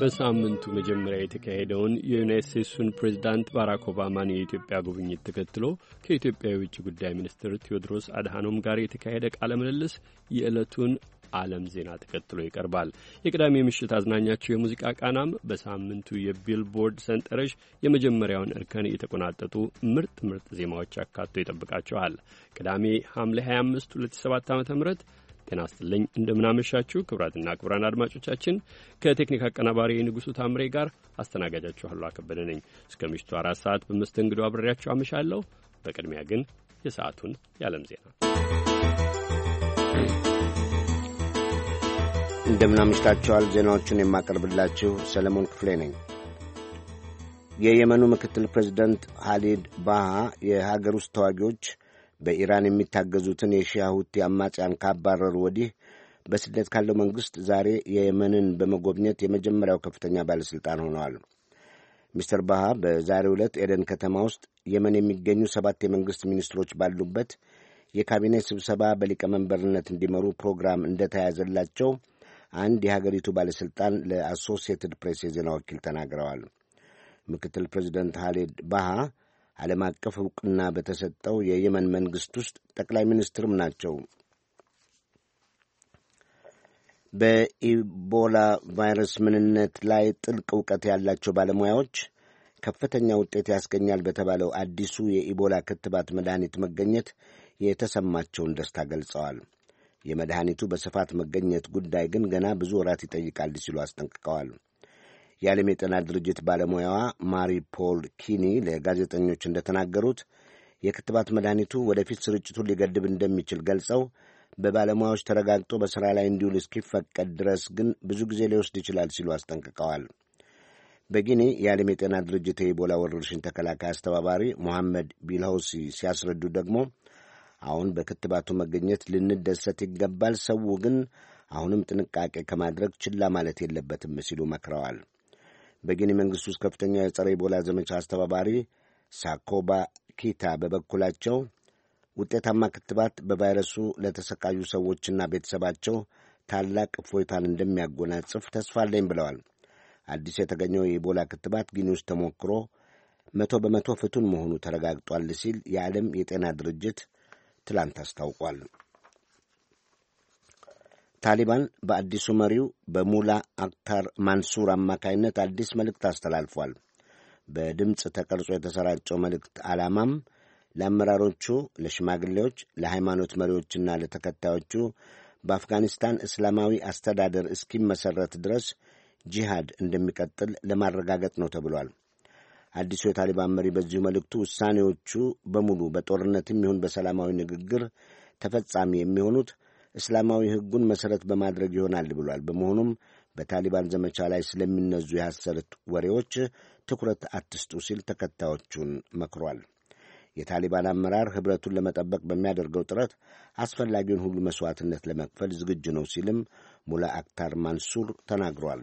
በሳምንቱ መጀመሪያ የተካሄደውን የዩናይት ስቴትሱን ፕሬዚዳንት ባራክ ኦባማን የኢትዮጵያ ጉብኝት ተከትሎ ከኢትዮጵያ የውጭ ጉዳይ ሚኒስትር ቴዎድሮስ አድሃኖም ጋር የተካሄደ ቃለ ምልልስ የዕለቱን ዓለም ዜና ተከትሎ ይቀርባል። የቅዳሜ ምሽት አዝናኛቸው የሙዚቃ ቃናም በሳምንቱ የቢልቦርድ ሰንጠረዥ የመጀመሪያውን እርከን የተቆናጠጡ ምርጥ ምርጥ ዜማዎች አካቶ ይጠብቃቸዋል። ቅዳሜ ሐምሌ 25 2007 ዓ ም ጤና ስጥልኝ። እንደምናመሻችሁ ክቡራትና ክቡራን አድማጮቻችን ከቴክኒክ አቀናባሪ ንጉሱ ታምሬ ጋር አስተናጋጃችኋሉ አከበደ ነኝ። እስከ ምሽቱ አራት ሰዓት በመስተንግዶ አብሬያችሁ አመሻለሁ። በቅድሚያ ግን የሰዓቱን የዓለም ዜና እንደምናመሽታችኋል። ዜናዎቹን የማቀርብላችሁ ሰለሞን ክፍሌ ነኝ። የየመኑ ምክትል ፕሬዚደንት ሃሊድ ባሃ የሀገር ውስጥ ተዋጊዎች በኢራን የሚታገዙትን የሺያ ሁቲ አማጽያን ካባረሩ ወዲህ በስደት ካለው መንግሥት ዛሬ የየመንን በመጎብኘት የመጀመሪያው ከፍተኛ ባለሥልጣን ሆነዋል። ሚስተር ባሃ በዛሬ ዕለት ኤደን ከተማ ውስጥ የመን የሚገኙ ሰባት የመንግሥት ሚኒስትሮች ባሉበት የካቢኔት ስብሰባ በሊቀመንበርነት እንዲመሩ ፕሮግራም እንደተያዘላቸው አንድ የሀገሪቱ ባለሥልጣን ለአሶሲየትድ ፕሬስ የዜና ወኪል ተናግረዋል። ምክትል ፕሬዚደንት ሃሌድ ባሃ ዓለም አቀፍ ዕውቅና በተሰጠው የየመን መንግሥት ውስጥ ጠቅላይ ሚኒስትርም ናቸው። በኢቦላ ቫይረስ ምንነት ላይ ጥልቅ እውቀት ያላቸው ባለሙያዎች ከፍተኛ ውጤት ያስገኛል በተባለው አዲሱ የኢቦላ ክትባት መድኃኒት መገኘት የተሰማቸውን ደስታ ገልጸዋል። የመድኃኒቱ በስፋት መገኘት ጉዳይ ግን ገና ብዙ ወራት ይጠይቃል ሲሉ አስጠንቅቀዋል። የዓለም የጤና ድርጅት ባለሙያዋ ማሪ ፖል ኪኒ ለጋዜጠኞች እንደተናገሩት የክትባት መድኃኒቱ ወደፊት ስርጭቱን ሊገድብ እንደሚችል ገልጸው በባለሙያዎች ተረጋግጦ በሥራ ላይ እንዲውል እስኪፈቀድ ድረስ ግን ብዙ ጊዜ ሊወስድ ይችላል ሲሉ አስጠንቅቀዋል። በጊኒ የዓለም የጤና ድርጅት የኢቦላ ወረርሽኝ ተከላካይ አስተባባሪ ሞሐመድ ቢልሆሲ ሲያስረዱ ደግሞ አሁን በክትባቱ መገኘት ልንደሰት ይገባል፣ ሰው ግን አሁንም ጥንቃቄ ከማድረግ ችላ ማለት የለበትም ሲሉ መክረዋል። በጊኒ መንግሥት ውስጥ ከፍተኛ የጸረ ኢቦላ ዘመቻ አስተባባሪ ሳኮባ ኪታ በበኩላቸው ውጤታማ ክትባት በቫይረሱ ለተሰቃዩ ሰዎችና ቤተሰባቸው ታላቅ እፎይታን እንደሚያጎናጽፍ ተስፋ አለኝ ብለዋል። አዲስ የተገኘው የኢቦላ ክትባት ጊኒ ውስጥ ተሞክሮ መቶ በመቶ ፍቱን መሆኑ ተረጋግጧል ሲል የዓለም የጤና ድርጅት ትላንት አስታውቋል። ታሊባን በአዲሱ መሪው በሙላ አክታር ማንሱር አማካይነት አዲስ መልእክት አስተላልፏል። በድምፅ ተቀርጾ የተሰራጨው መልእክት ዓላማም ለአመራሮቹ፣ ለሽማግሌዎች፣ ለሃይማኖት መሪዎችና ለተከታዮቹ በአፍጋኒስታን እስላማዊ አስተዳደር እስኪመሠረት ድረስ ጂሃድ እንደሚቀጥል ለማረጋገጥ ነው ተብሏል። አዲሱ የታሊባን መሪ በዚሁ መልእክቱ ውሳኔዎቹ በሙሉ በጦርነትም ይሁን በሰላማዊ ንግግር ተፈጻሚ የሚሆኑት እስላማዊ ሕጉን መሠረት በማድረግ ይሆናል ብሏል። በመሆኑም በታሊባን ዘመቻ ላይ ስለሚነዙ የሐሰት ወሬዎች ትኩረት አትስጡ ሲል ተከታዮቹን መክሯል። የታሊባን አመራር ኅብረቱን ለመጠበቅ በሚያደርገው ጥረት አስፈላጊውን ሁሉ መሥዋዕትነት ለመክፈል ዝግጁ ነው ሲልም ሙላ አክታር ማንሱር ተናግሯል።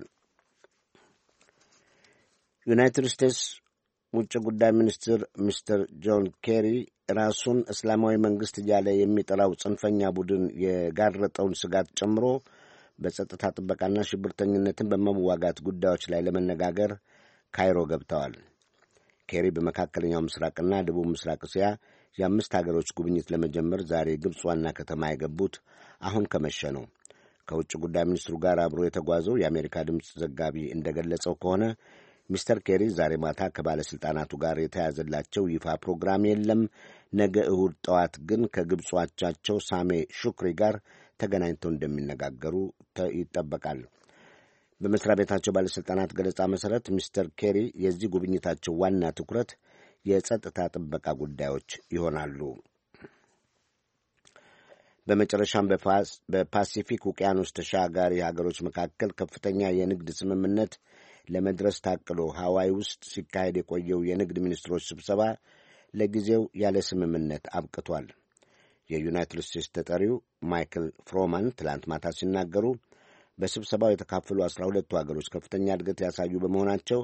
ዩናይትድ ስቴትስ ውጭ ጉዳይ ሚኒስትር ሚስተር ጆን ኬሪ ራሱን እስላማዊ መንግስት እያለ የሚጠራው ጽንፈኛ ቡድን የጋረጠውን ስጋት ጨምሮ በጸጥታ ጥበቃና ሽብርተኝነትን በመዋጋት ጉዳዮች ላይ ለመነጋገር ካይሮ ገብተዋል። ኬሪ በመካከለኛው ምስራቅና ደቡብ ምስራቅ እስያ የአምስት አገሮች ጉብኝት ለመጀመር ዛሬ ግብፅ ዋና ከተማ የገቡት አሁን ከመሸ ነው። ከውጭ ጉዳይ ሚኒስትሩ ጋር አብሮ የተጓዘው የአሜሪካ ድምፅ ዘጋቢ እንደገለጸው ከሆነ ሚስተር ኬሪ ዛሬ ማታ ከባለሥልጣናቱ ጋር የተያዘላቸው ይፋ ፕሮግራም የለም። ነገ እሁድ ጠዋት ግን ከግብፅ አቻቸው ሳሜ ሹክሪ ጋር ተገናኝተው እንደሚነጋገሩ ይጠበቃል። በመሥሪያ ቤታቸው ባለሥልጣናት ገለጻ መሠረት ሚስተር ኬሪ የዚህ ጉብኝታቸው ዋና ትኩረት የጸጥታ ጥበቃ ጉዳዮች ይሆናሉ። በመጨረሻም በፓሲፊክ ውቅያኖስ ተሻጋሪ ሀገሮች መካከል ከፍተኛ የንግድ ስምምነት ለመድረስ ታቅዶ ሐዋይ ውስጥ ሲካሄድ የቆየው የንግድ ሚኒስትሮች ስብሰባ ለጊዜው ያለ ስምምነት አብቅቷል። የዩናይትድ ስቴትስ ተጠሪው ማይክል ፍሮማን ትላንት ማታ ሲናገሩ በስብሰባው የተካፈሉ አስራ ሁለቱ አገሮች ከፍተኛ እድገት ያሳዩ በመሆናቸው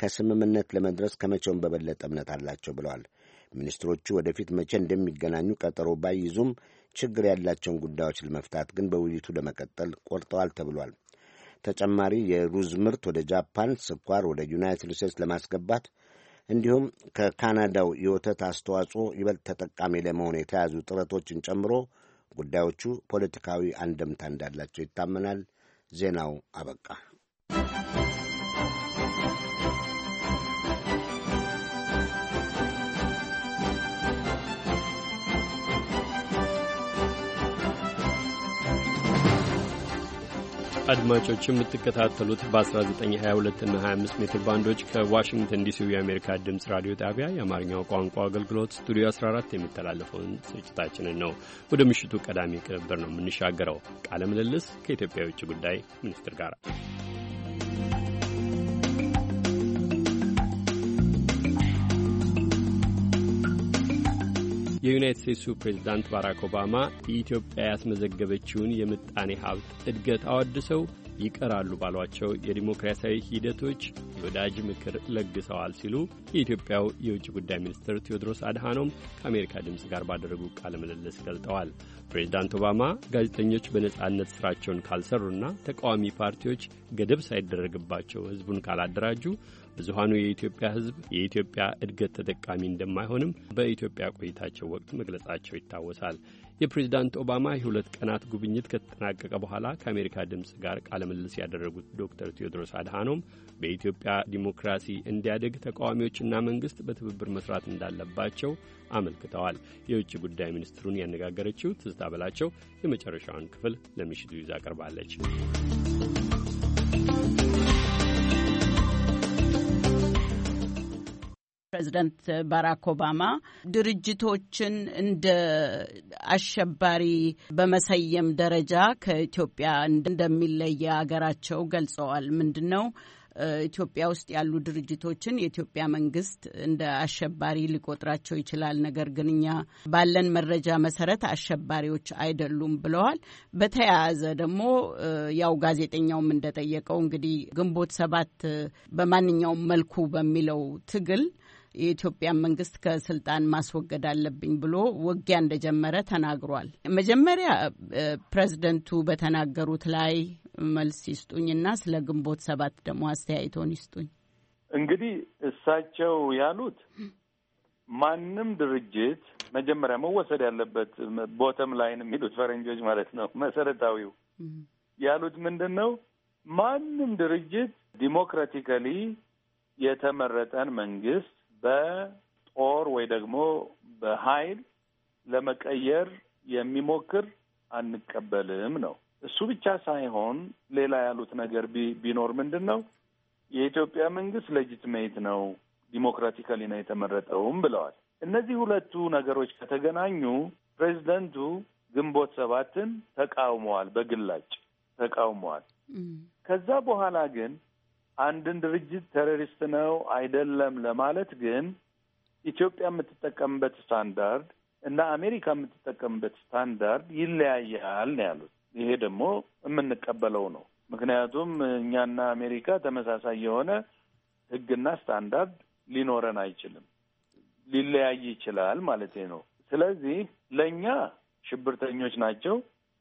ከስምምነት ለመድረስ ከመቼውም በበለጠ እምነት አላቸው ብለዋል። ሚኒስትሮቹ ወደፊት መቼ እንደሚገናኙ ቀጠሮ ባይይዙም ችግር ያላቸውን ጉዳዮች ለመፍታት ግን በውይይቱ ለመቀጠል ቆርጠዋል ተብሏል። ተጨማሪ የሩዝ ምርት ወደ ጃፓን፣ ስኳር ወደ ዩናይትድ ስቴትስ ለማስገባት እንዲሁም ከካናዳው የወተት አስተዋጽኦ ይበልጥ ተጠቃሚ ለመሆን የተያዙ ጥረቶችን ጨምሮ ጉዳዮቹ ፖለቲካዊ አንደምታ እንዳላቸው ይታመናል። ዜናው አበቃ። አድማጮች የምትከታተሉት በ1922 እና 25 ሜትር ባንዶች ከዋሽንግተን ዲሲው የአሜሪካ ድምፅ ራዲዮ ጣቢያ የአማርኛው ቋንቋ አገልግሎት ስቱዲዮ 14 የሚተላለፈውን ስርጭታችንን ነው። ወደ ምሽቱ ቀዳሚ ቅንብር ነው የምንሻገረው። ቃለ ምልልስ ከኢትዮጵያ የውጭ ጉዳይ ሚኒስትር ጋር የዩናይት ስቴትሱ ፕሬዝዳንት ባራክ ኦባማ ኢትዮጵያ ያስመዘገበችውን የምጣኔ ሀብት እድገት አወድሰው ይቀራሉ ባሏቸው የዲሞክራሲያዊ ሂደቶች የወዳጅ ምክር ለግሰዋል ሲሉ የኢትዮጵያው የውጭ ጉዳይ ሚኒስትር ቴዎድሮስ አድሃኖም ከአሜሪካ ድምፅ ጋር ባደረጉ ቃለ ምልልስ ገልጠዋል። ፕሬዚዳንት ኦባማ ጋዜጠኞች በነጻነት ስራቸውን ካልሰሩና ተቃዋሚ ፓርቲዎች ገደብ ሳይደረግባቸው ሕዝቡን ካላደራጁ ብዙሀኑ የኢትዮጵያ ሕዝብ የኢትዮጵያ እድገት ተጠቃሚ እንደማይሆንም በኢትዮጵያ ቆይታቸው ወቅት መግለጻቸው ይታወሳል። የፕሬዚዳንት ኦባማ የሁለት ቀናት ጉብኝት ከተጠናቀቀ በኋላ ከአሜሪካ ድምፅ ጋር ቃለ ምልልስ ያደረጉት ዶክተር ቴዎድሮስ አድሃኖም በኢትዮጵያ ዲሞክራሲ እንዲያደግ ተቃዋሚዎችና መንግስት በትብብር መስራት እንዳለባቸው አመልክተዋል። የውጭ ጉዳይ ሚኒስትሩን ያነጋገረችው ትዝታ በላቸው የመጨረሻውን ክፍል ለምሽቱ ይዛ ቀርባለች። ፕሬዚደንት ባራክ ኦባማ ድርጅቶችን እንደ አሸባሪ በመሰየም ደረጃ ከኢትዮጵያ እንደሚለየ አገራቸው ገልጸዋል። ምንድን ነው ኢትዮጵያ ውስጥ ያሉ ድርጅቶችን የኢትዮጵያ መንግስት እንደ አሸባሪ ሊቆጥራቸው ይችላል። ነገር ግን እኛ ባለን መረጃ መሰረት አሸባሪዎች አይደሉም ብለዋል። በተያያዘ ደግሞ ያው ጋዜጠኛውም እንደጠየቀው እንግዲህ ግንቦት ሰባት በማንኛውም መልኩ በሚለው ትግል የኢትዮጵያን መንግስት ከስልጣን ማስወገድ አለብኝ ብሎ ውጊያ እንደጀመረ ተናግሯል። መጀመሪያ ፕሬዝደንቱ በተናገሩት ላይ መልስ ይስጡኝና ስለ ግንቦት ሰባት ደግሞ አስተያየቶን ይስጡኝ። እንግዲህ እሳቸው ያሉት ማንም ድርጅት መጀመሪያ መወሰድ ያለበት ቦተም ላይን የሚሉት ፈረንጆች ማለት ነው። መሰረታዊው ያሉት ምንድን ነው? ማንም ድርጅት ዲሞክራቲካሊ የተመረጠን መንግስት በጦር ወይ ደግሞ በኃይል ለመቀየር የሚሞክር አንቀበልም ነው። እሱ ብቻ ሳይሆን ሌላ ያሉት ነገር ቢኖር ምንድን ነው የኢትዮጵያ መንግስት ሌጂትሜት ነው፣ ዲሞክራቲካሊ ነው የተመረጠውም ብለዋል። እነዚህ ሁለቱ ነገሮች ከተገናኙ ፕሬዚደንቱ ግንቦት ሰባትን ተቃውመዋል፣ በግላጭ ተቃውመዋል። ከዛ በኋላ ግን አንድን ድርጅት ቴሮሪስት ነው አይደለም ለማለት ግን ኢትዮጵያ የምትጠቀምበት ስታንዳርድ እና አሜሪካ የምትጠቀምበት ስታንዳርድ ይለያያል ነው ያሉት። ይሄ ደግሞ የምንቀበለው ነው። ምክንያቱም እኛና አሜሪካ ተመሳሳይ የሆነ ሕግና ስታንዳርድ ሊኖረን አይችልም። ሊለያይ ይችላል ማለት ነው። ስለዚህ ለእኛ ሽብርተኞች ናቸው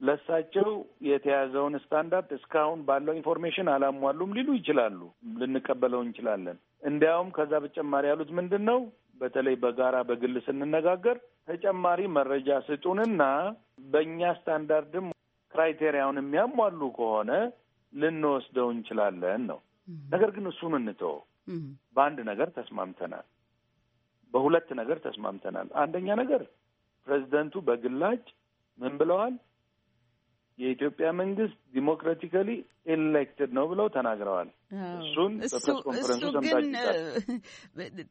ለሳቸው የተያዘውን ስታንዳርድ እስካሁን ባለው ኢንፎርሜሽን አላሟሉም ሊሉ ይችላሉ። ልንቀበለው እንችላለን። እንዲያውም ከዛ በተጨማሪ ያሉት ምንድን ነው? በተለይ በጋራ በግል ስንነጋገር ተጨማሪ መረጃ ስጡንና በእኛ ስታንዳርድም ክራይቴሪያውን የሚያሟሉ ከሆነ ልንወስደው እንችላለን ነው። ነገር ግን እሱን እንተወው። በአንድ ነገር ተስማምተናል። በሁለት ነገር ተስማምተናል። አንደኛ ነገር ፕሬዚደንቱ በግላጭ ምን ብለዋል? የኢትዮጵያ መንግስት ዲሞክራቲካሊ ኤሌክትድ ነው ብለው ተናግረዋል። እሱን እሱ ግን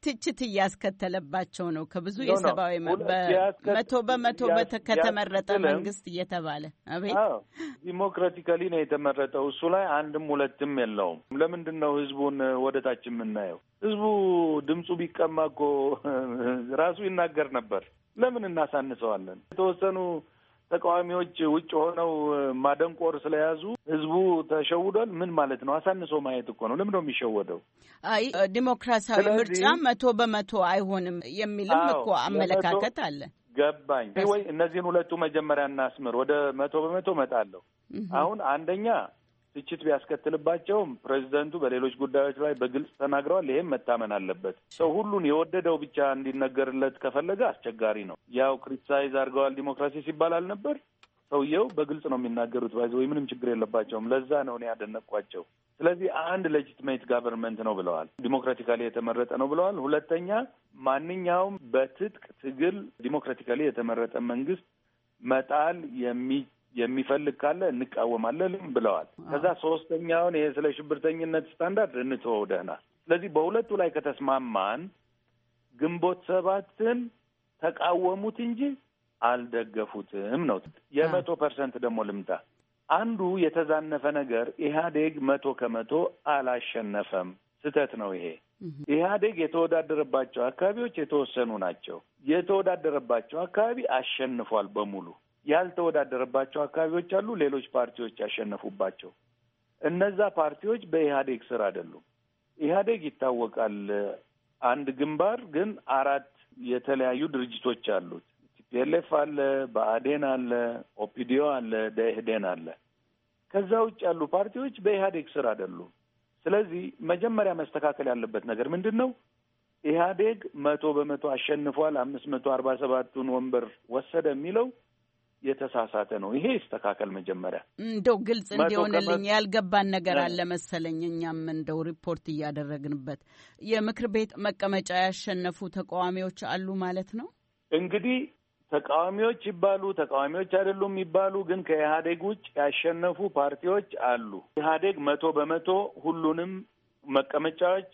ትችት እያስከተለባቸው ነው ከብዙ የሰብአዊ መቶ በመቶ ከተመረጠ መንግስት እየተባለ አቤት ዲሞክራቲካሊ ነው የተመረጠው። እሱ ላይ አንድም ሁለትም የለውም። ለምንድን ነው ህዝቡን ወደታች የምናየው? ህዝቡ ድምፁ ቢቀማ እኮ ራሱ ይናገር ነበር። ለምን እናሳንሰዋለን? የተወሰኑ ተቃዋሚዎች ውጭ ሆነው ማደንቆር ስለያዙ ህዝቡ ተሸውዷል። ምን ማለት ነው? አሳንሶ ማየት እኮ ነው። ለምንድነው የሚሸወደው? አይ ዲሞክራሲያዊ ምርጫ መቶ በመቶ አይሆንም የሚልም እኮ አመለካከት አለ። ገባኝ ወይ? እነዚህን ሁለቱ መጀመሪያ እናስምር። ወደ መቶ በመቶ እመጣለሁ። አሁን አንደኛ ትችት ቢያስከትልባቸውም ፕሬዚደንቱ በሌሎች ጉዳዮች ላይ በግልጽ ተናግረዋል። ይሄም መታመን አለበት። ሰው ሁሉን የወደደው ብቻ እንዲነገርለት ከፈለገ አስቸጋሪ ነው። ያው ክሪቲሳይዝ አድርገዋል ዲሞክራሲ ሲባል አልነበር ሰውየው በግልጽ ነው የሚናገሩት። ባይዘ ወይ ምንም ችግር የለባቸውም። ለዛ ነው እኔ ያደነቅኳቸው። ስለዚህ አንድ ሌጂትሜት ጋቨርንመንት ነው ብለዋል። ዲሞክራቲካሊ የተመረጠ ነው ብለዋል። ሁለተኛ ማንኛውም በትጥቅ ትግል ዲሞክራቲካሊ የተመረጠ መንግስት መጣል የሚ የሚፈልግ ካለ እንቃወማለንም ብለዋል። ከዛ ሶስተኛውን ይሄ ስለ ሽብርተኝነት ስታንዳርድ እንተወው ስለዚህ በሁለቱ ላይ ከተስማማን ግንቦት ሰባትን ተቃወሙት እንጂ አልደገፉትም ነው። የመቶ ፐርሰንት ደግሞ ልምጣ። አንዱ የተዛነፈ ነገር ኢህአዴግ መቶ ከመቶ አላሸነፈም። ስህተት ነው ይሄ። ኢህአዴግ የተወዳደረባቸው አካባቢዎች የተወሰኑ ናቸው። የተወዳደረባቸው አካባቢ አሸንፏል በሙሉ። ያልተወዳደረባቸው አካባቢዎች አሉ። ሌሎች ፓርቲዎች ያሸነፉባቸው እነዛ ፓርቲዎች በኢህአዴግ ስር አይደሉም። ኢህአዴግ ይታወቃል። አንድ ግንባር ግን አራት የተለያዩ ድርጅቶች አሉት። ቲፒኤልኤፍ አለ፣ ብአዴን አለ፣ ኦፒዲዮ አለ፣ ደኢህዴን አለ። ከዛ ውጭ ያሉ ፓርቲዎች በኢህአዴግ ስር አይደሉም። ስለዚህ መጀመሪያ መስተካከል ያለበት ነገር ምንድን ነው? ኢህአዴግ መቶ በመቶ አሸንፏል፣ አምስት መቶ አርባ ሰባቱን ወንበር ወሰደ የሚለው የተሳሳተ ነው። ይሄ ይስተካከል። መጀመሪያ እንደው ግልጽ እንዲሆንልኝ ያልገባን ነገር አለ መሰለኝ። እኛም እንደው ሪፖርት እያደረግንበት የምክር ቤት መቀመጫ ያሸነፉ ተቃዋሚዎች አሉ ማለት ነው። እንግዲህ ተቃዋሚዎች ይባሉ ተቃዋሚዎች አይደሉም ይባሉ፣ ግን ከኢህአዴግ ውጭ ያሸነፉ ፓርቲዎች አሉ። ኢህአዴግ መቶ በመቶ ሁሉንም መቀመጫዎች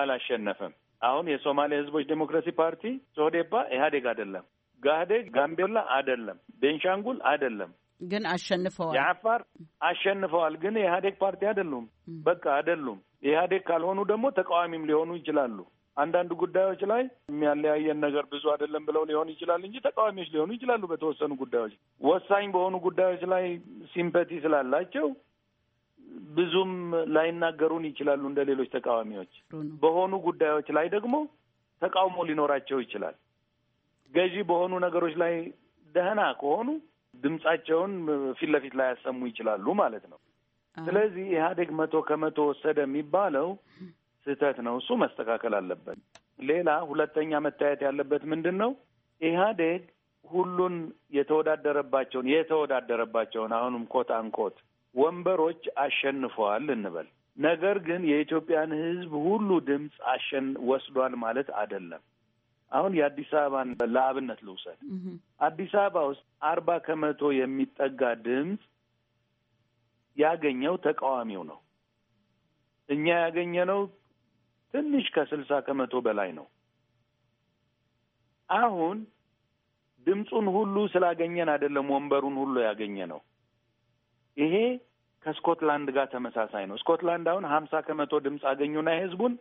አላሸነፈም። አሁን የሶማሌ ህዝቦች ዴሞክራሲ ፓርቲ ሶዴፓ ኢህአዴግ አይደለም ጋህዴግ ጋምቤላ አይደለም፣ ቤንሻንጉል አይደለም፣ ግን አሸንፈዋል። የአፋር አሸንፈዋል፣ ግን የኢህአዴግ ፓርቲ አይደሉም። በቃ አይደሉም። የኢህአዴግ ካልሆኑ ደግሞ ተቃዋሚም ሊሆኑ ይችላሉ። አንዳንድ ጉዳዮች ላይ የሚያለያየን ነገር ብዙ አይደለም ብለው ሊሆን ይችላል እንጂ ተቃዋሚዎች ሊሆኑ ይችላሉ። በተወሰኑ ጉዳዮች፣ ወሳኝ በሆኑ ጉዳዮች ላይ ሲምፐቲ ስላላቸው ብዙም ላይናገሩን ይችላሉ እንደ ሌሎች ተቃዋሚዎች። በሆኑ ጉዳዮች ላይ ደግሞ ተቃውሞ ሊኖራቸው ይችላል። ገዢ በሆኑ ነገሮች ላይ ደህና ከሆኑ ድምጻቸውን ፊት ለፊት ላይ ያሰሙ ይችላሉ ማለት ነው። ስለዚህ ኢህአዴግ መቶ ከመቶ ወሰደ የሚባለው ስህተት ነው። እሱ መስተካከል አለበት። ሌላ ሁለተኛ መታየት ያለበት ምንድን ነው? ኢህአዴግ ሁሉን የተወዳደረባቸውን የተወዳደረባቸውን አሁንም ኮት አንኮት ወንበሮች አሸንፈዋል እንበል። ነገር ግን የኢትዮጵያን ህዝብ ሁሉ ድምፅ አሸን ወስዷል ማለት አይደለም። አሁን የአዲስ አበባን ለአብነት ልውሰድ። አዲስ አበባ ውስጥ አርባ ከመቶ የሚጠጋ ድምፅ ያገኘው ተቃዋሚው ነው። እኛ ያገኘነው ትንሽ ከስልሳ ከመቶ በላይ ነው። አሁን ድምፁን ሁሉ ስላገኘን አይደለም ወንበሩን ሁሉ ያገኘ ነው። ይሄ ከስኮትላንድ ጋር ተመሳሳይ ነው። ስኮትላንድ አሁን ሀምሳ ከመቶ ድምፅ አገኙና የህዝቡን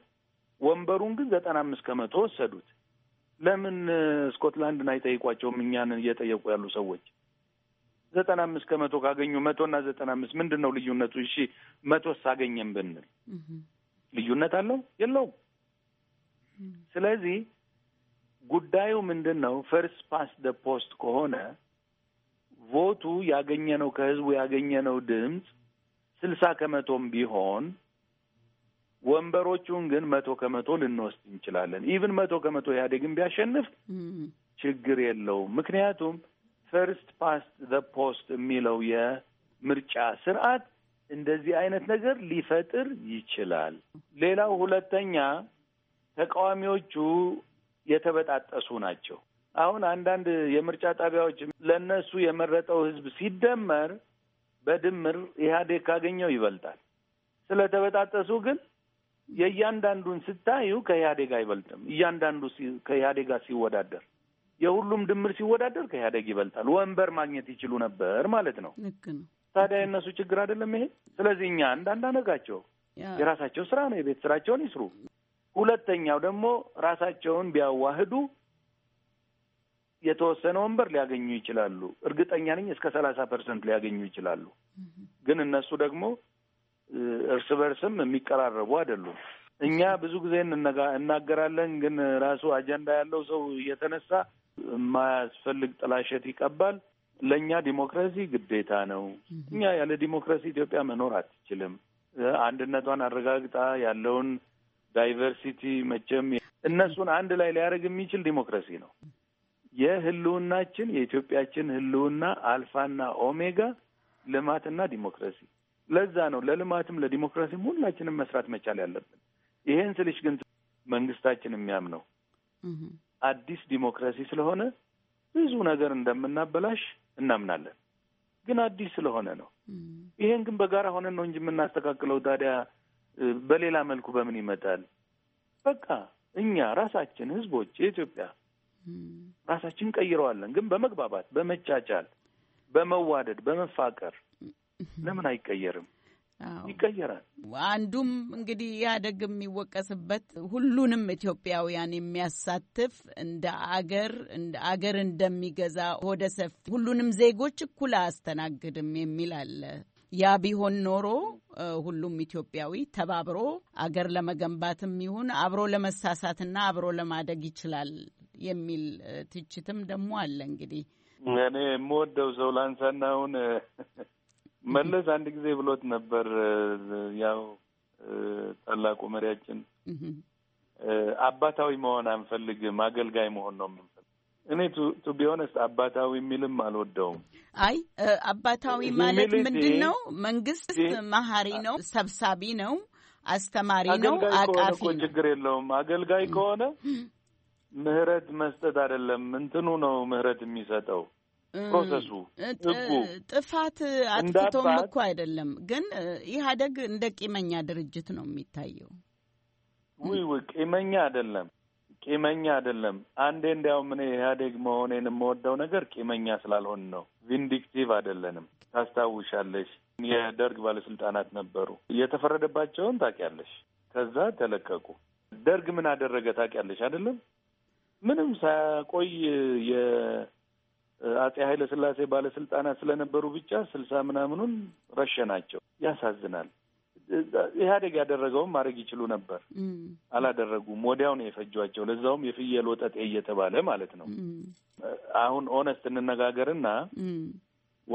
ወንበሩን ግን ዘጠና አምስት ከመቶ ወሰዱት። ለምን ስኮትላንድን አይጠይቋቸውም? እኛን እየጠየቁ ያሉ ሰዎች ዘጠና አምስት ከመቶ ካገኙ መቶና ዘጠና አምስት ምንድን ነው ልዩነቱ? እሺ መቶስ አገኘም ብንል ልዩነት አለው የለውም? ስለዚህ ጉዳዩ ምንድን ነው? ፈርስት ፓስ ደ ፖስት ከሆነ ቮቱ ያገኘ ነው ከህዝቡ ያገኘ ነው ድምፅ ስልሳ ከመቶም ቢሆን ወንበሮቹን ግን መቶ ከመቶ ልንወስድ እንችላለን። ኢቭን መቶ ከመቶ ኢህአዴግን ቢያሸንፍ ችግር የለውም። ምክንያቱም ፈርስት ፓስት ዘ ፖስት የሚለው የምርጫ ስርዓት እንደዚህ አይነት ነገር ሊፈጥር ይችላል። ሌላው ሁለተኛ ተቃዋሚዎቹ የተበጣጠሱ ናቸው። አሁን አንዳንድ የምርጫ ጣቢያዎች ለእነሱ የመረጠው ህዝብ ሲደመር በድምር ኢህአዴግ ካገኘው ይበልጣል። ስለተበጣጠሱ ግን የእያንዳንዱን ስታዩ ከኢህአዴግ አይበልጥም። እያንዳንዱ ከኢህአዴግ ጋር ሲወዳደር የሁሉም ድምር ሲወዳደር ከኢህአዴግ ይበልጣል። ወንበር ማግኘት ይችሉ ነበር ማለት ነው። ልክ ነው። ታዲያ የእነሱ ችግር አይደለም ይሄ። ስለዚህ እኛ እንዳናነጋቸው የራሳቸው ስራ ነው። የቤት ስራቸውን ይስሩ። ሁለተኛው ደግሞ ራሳቸውን ቢያዋህዱ የተወሰነ ወንበር ሊያገኙ ይችላሉ። እርግጠኛ ነኝ እስከ ሰላሳ ፐርሰንት ሊያገኙ ይችላሉ። ግን እነሱ ደግሞ እርስ በርስም የሚቀራረቡ አይደሉም። እኛ ብዙ ጊዜ እናገራለን፣ ግን ራሱ አጀንዳ ያለው ሰው እየተነሳ የማያስፈልግ ጥላሸት ይቀባል። ለእኛ ዲሞክራሲ ግዴታ ነው። እኛ ያለ ዲሞክራሲ ኢትዮጵያ መኖር አትችልም። አንድነቷን አረጋግጣ ያለውን ዳይቨርሲቲ መቼም እነሱን አንድ ላይ ሊያደርግ የሚችል ዲሞክራሲ ነው። የህልውናችን የኢትዮጵያችን ህልውና አልፋና ኦሜጋ ልማትና ዲሞክራሲ ለዛ ነው ለልማትም ለዲሞክራሲም ሁላችንም መስራት መቻል ያለብን። ይሄን ስልሽ ግን መንግስታችን የሚያምነው አዲስ ዲሞክራሲ ስለሆነ ብዙ ነገር እንደምናበላሽ እናምናለን። ግን አዲስ ስለሆነ ነው። ይሄን ግን በጋራ ሆነን ነው እንጂ የምናስተካክለው። ታዲያ በሌላ መልኩ በምን ይመጣል? በቃ እኛ ራሳችን ህዝቦች የኢትዮጵያ ራሳችን ቀይረዋለን። ግን በመግባባት በመቻቻል፣ በመዋደድ፣ በመፋቀር ለምን አይቀየርም? ይቀየራል። አንዱም እንግዲህ ኢህአዴግ የሚወቀስበት ሁሉንም ኢትዮጵያውያን የሚያሳትፍ እንደ አገር እንደ አገር እንደሚገዛ ወደ ሰፊ ሁሉንም ዜጎች እኩል አያስተናግድም የሚል አለ። ያ ቢሆን ኖሮ ሁሉም ኢትዮጵያዊ ተባብሮ አገር ለመገንባትም ይሁን አብሮ ለመሳሳትና አብሮ ለማደግ ይችላል የሚል ትችትም ደግሞ አለ። እንግዲህ እኔ የምወደው ሰው ላንሳና አሁን መለስ አንድ ጊዜ ብሎት ነበር። ያው ታላቁ መሪያችን አባታዊ መሆን አንፈልግም፣ አገልጋይ መሆን ነው የምንፈልግ። እኔ ቱ ቢሆነስ አባታዊ የሚልም አልወደውም። አይ አባታዊ ማለት ምንድን ነው? መንግስት መሀሪ ነው፣ ሰብሳቢ ነው፣ አስተማሪ ነው፣ አቃፊ ነው። ችግር የለውም። አገልጋይ ከሆነ ምህረት መስጠት አይደለም እንትኑ ነው ምህረት የሚሰጠው ፕሮሰሱ ህጉ ጥፋት አጥፍቶም እኮ አይደለም። ግን ኢህአዴግ እንደ ቂመኛ ድርጅት ነው የሚታየው። ውይ ውይ ቂመኛ አይደለም፣ ቂመኛ አይደለም። አንዴ እንዲያውም እኔ ኢህአዴግ መሆኔን የምወደው ነገር ቂመኛ ስላልሆን ነው። ቪንዲክቲቭ አይደለንም። ታስታውሻለሽ፣ የደርግ ባለስልጣናት ነበሩ። የተፈረደባቸውን ታውቂያለሽ። ከዛ ተለቀቁ። ደርግ ምን አደረገ ታውቂያለሽ አይደለም? ምንም ሳያቆይ አጼ ኃይለ ስላሴ ባለስልጣናት ስለነበሩ ብቻ ስልሳ ምናምኑን ረሸናቸው። ያሳዝናል። ኢህአዴግ ያደረገውም ማድረግ ይችሉ ነበር፣ አላደረጉም። ወዲያው ነው የፈጇቸው። ለዛውም የፍየል ወጠጤ እየተባለ ማለት ነው። አሁን ኦነስት እንነጋገርና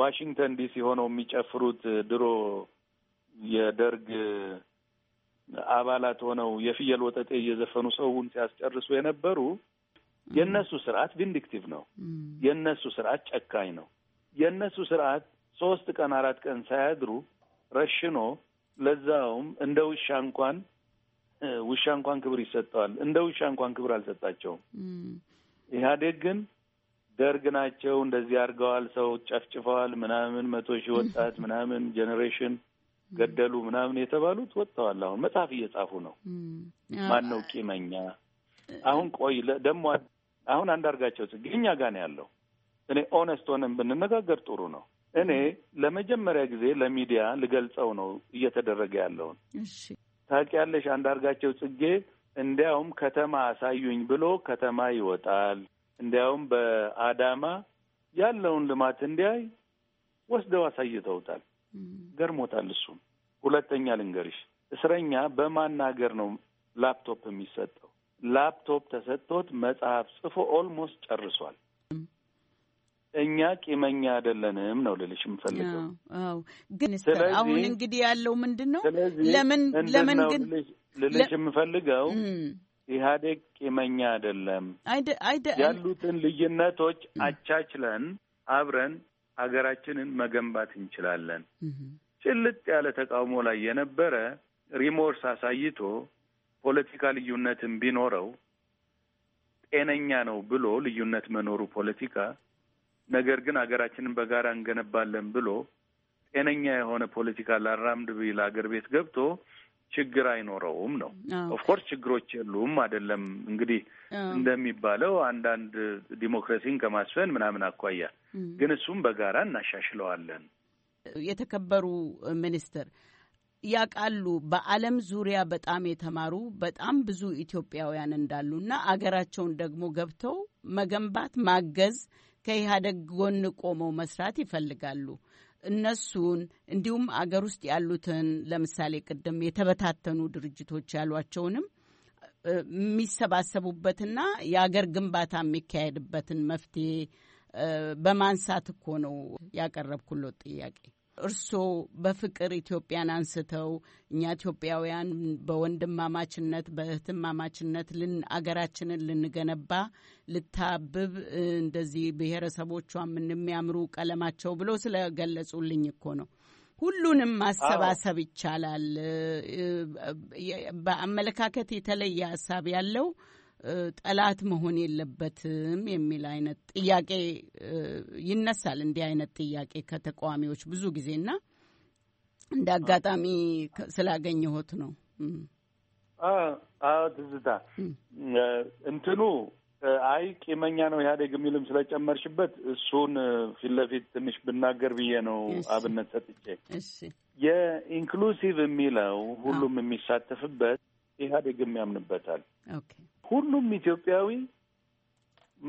ዋሽንግተን ዲሲ ሆነው የሚጨፍሩት ድሮ የደርግ አባላት ሆነው የፍየል ወጠጤ እየዘፈኑ ሰውን ሲያስጨርሱ የነበሩ የእነሱ ስርዓት ቪንዲክቲቭ ነው። የእነሱ ስርዓት ጨካኝ ነው። የእነሱ ስርዓት ሶስት ቀን አራት ቀን ሳያድሩ ረሽኖ ለዛውም እንደ ውሻ እንኳን ውሻ እንኳን ክብር ይሰጠዋል። እንደ ውሻ እንኳን ክብር አልሰጣቸውም። ኢህአዴግ ግን ደርግ ናቸው እንደዚህ አድርገዋል፣ ሰው ጨፍጭፈዋል፣ ምናምን መቶ ሺህ ወጣት ምናምን ጄኔሬሽን ገደሉ ምናምን የተባሉት ወጥተዋል። አሁን መጽሐፍ እየጻፉ ነው። ማን ነው ቂመኛ? አሁን ቆይ ደግሞ አሁን አንዳርጋቸው ጽጌ እኛ ጋር ነው ያለው። እኔ ኦነስት ሆነን ብንነጋገር ጥሩ ነው። እኔ ለመጀመሪያ ጊዜ ለሚዲያ ልገልጸው ነው እየተደረገ ያለውን ታውቂያለሽ። አንዳርጋቸው ጽጌ እንዲያውም ከተማ አሳዩኝ ብሎ ከተማ ይወጣል። እንዲያውም በአዳማ ያለውን ልማት እንዲያይ ወስደው አሳይተውታል። ገርሞታል። እሱም ሁለተኛ ልንገርሽ፣ እስረኛ በማናገር ነው ላፕቶፕ የሚሰጠው። ላፕቶፕ ተሰጥቶት መጽሐፍ ጽፎ ኦልሞስት ጨርሷል። እኛ ቂመኛ አይደለንም ነው ልልሽ የምፈልገው። ግን አሁን እንግዲህ ያለው ምንድን ነው? ለምን ለምን ግን ልልሽ የምፈልገው ኢህአዴግ ቂመኛ አይደለም። ያሉትን ልዩነቶች አቻችለን አብረን ሀገራችንን መገንባት እንችላለን። ጭልጥ ያለ ተቃውሞ ላይ የነበረ ሪሞርስ አሳይቶ ፖለቲካ ልዩነትም ቢኖረው ጤነኛ ነው ብሎ ልዩነት መኖሩ ፖለቲካ ነገር ግን ሀገራችንን በጋራ እንገነባለን ብሎ ጤነኛ የሆነ ፖለቲካ ላራምድ ቢል ሀገር ቤት ገብቶ ችግር አይኖረውም ነው። ኦፍኮርስ ችግሮች የሉም አይደለም። እንግዲህ እንደሚባለው አንዳንድ ዲሞክራሲን ከማስፈን ምናምን አኳያ ግን እሱም በጋራ እናሻሽለዋለን። የተከበሩ ሚኒስትር ያውቃሉ። በዓለም ዙሪያ በጣም የተማሩ በጣም ብዙ ኢትዮጵያውያን እንዳሉና አገራቸውን ደግሞ ገብተው መገንባት፣ ማገዝ፣ ከኢህአዴግ ጎን ቆመው መስራት ይፈልጋሉ። እነሱን እንዲሁም አገር ውስጥ ያሉትን ለምሳሌ ቅድም የተበታተኑ ድርጅቶች ያሏቸውንም የሚሰባሰቡበትና የአገር ግንባታ የሚካሄድበትን መፍትሄ በማንሳት እኮ ነው ያቀረብኩሎት ጥያቄ። እርስዎ በፍቅር ኢትዮጵያን አንስተው እኛ ኢትዮጵያውያን በወንድማማችነት በእህትማማችነት አገራችንን ልንገነባ ልታብብ እንደዚህ ብሔረሰቦቿ የምንሚያምሩ ቀለማቸው ብሎ ስለገለጹልኝ እኮ ነው። ሁሉንም ማሰባሰብ ይቻላል። በአመለካከት የተለየ ሀሳብ ያለው ጠላት መሆን የለበትም የሚል አይነት ጥያቄ ይነሳል። እንዲህ አይነት ጥያቄ ከተቃዋሚዎች ብዙ ጊዜና እንደ አጋጣሚ ስላገኘሁት ነው። አዎ ትዝታ እንትኑ አይ ቂመኛ ነው ኢህአዴግ የሚልም ስለጨመርሽበት እሱን ፊት ለፊት ትንሽ ብናገር ብዬ ነው አብነት ሰጥቼ። የኢንክሉሲቭ የሚለው ሁሉም የሚሳተፍበት ኢህአዴግም ያምንበታል። ሁሉም ኢትዮጵያዊ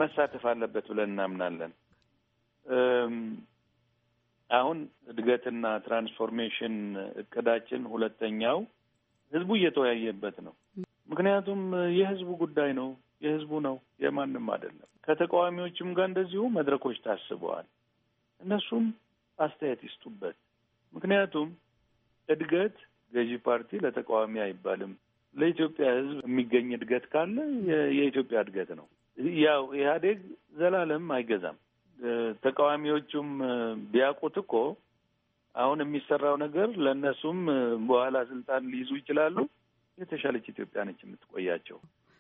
መሳተፍ አለበት ብለን እናምናለን። አሁን እድገትና ትራንስፎርሜሽን እቅዳችን ሁለተኛው ህዝቡ እየተወያየበት ነው። ምክንያቱም የህዝቡ ጉዳይ ነው፣ የህዝቡ ነው፣ የማንም አይደለም። ከተቃዋሚዎችም ጋር እንደዚሁ መድረኮች ታስበዋል። እነሱም አስተያየት ይስጡበት። ምክንያቱም እድገት ገዢ ፓርቲ ለተቃዋሚ አይባልም። ለኢትዮጵያ ሕዝብ የሚገኝ እድገት ካለ የኢትዮጵያ እድገት ነው። ያው ኢህአዴግ ዘላለም አይገዛም። ተቃዋሚዎቹም ቢያውቁት እኮ አሁን የሚሰራው ነገር ለእነሱም በኋላ ስልጣን ሊይዙ ይችላሉ። የተሻለች ኢትዮጵያ ነች የምትቆያቸው።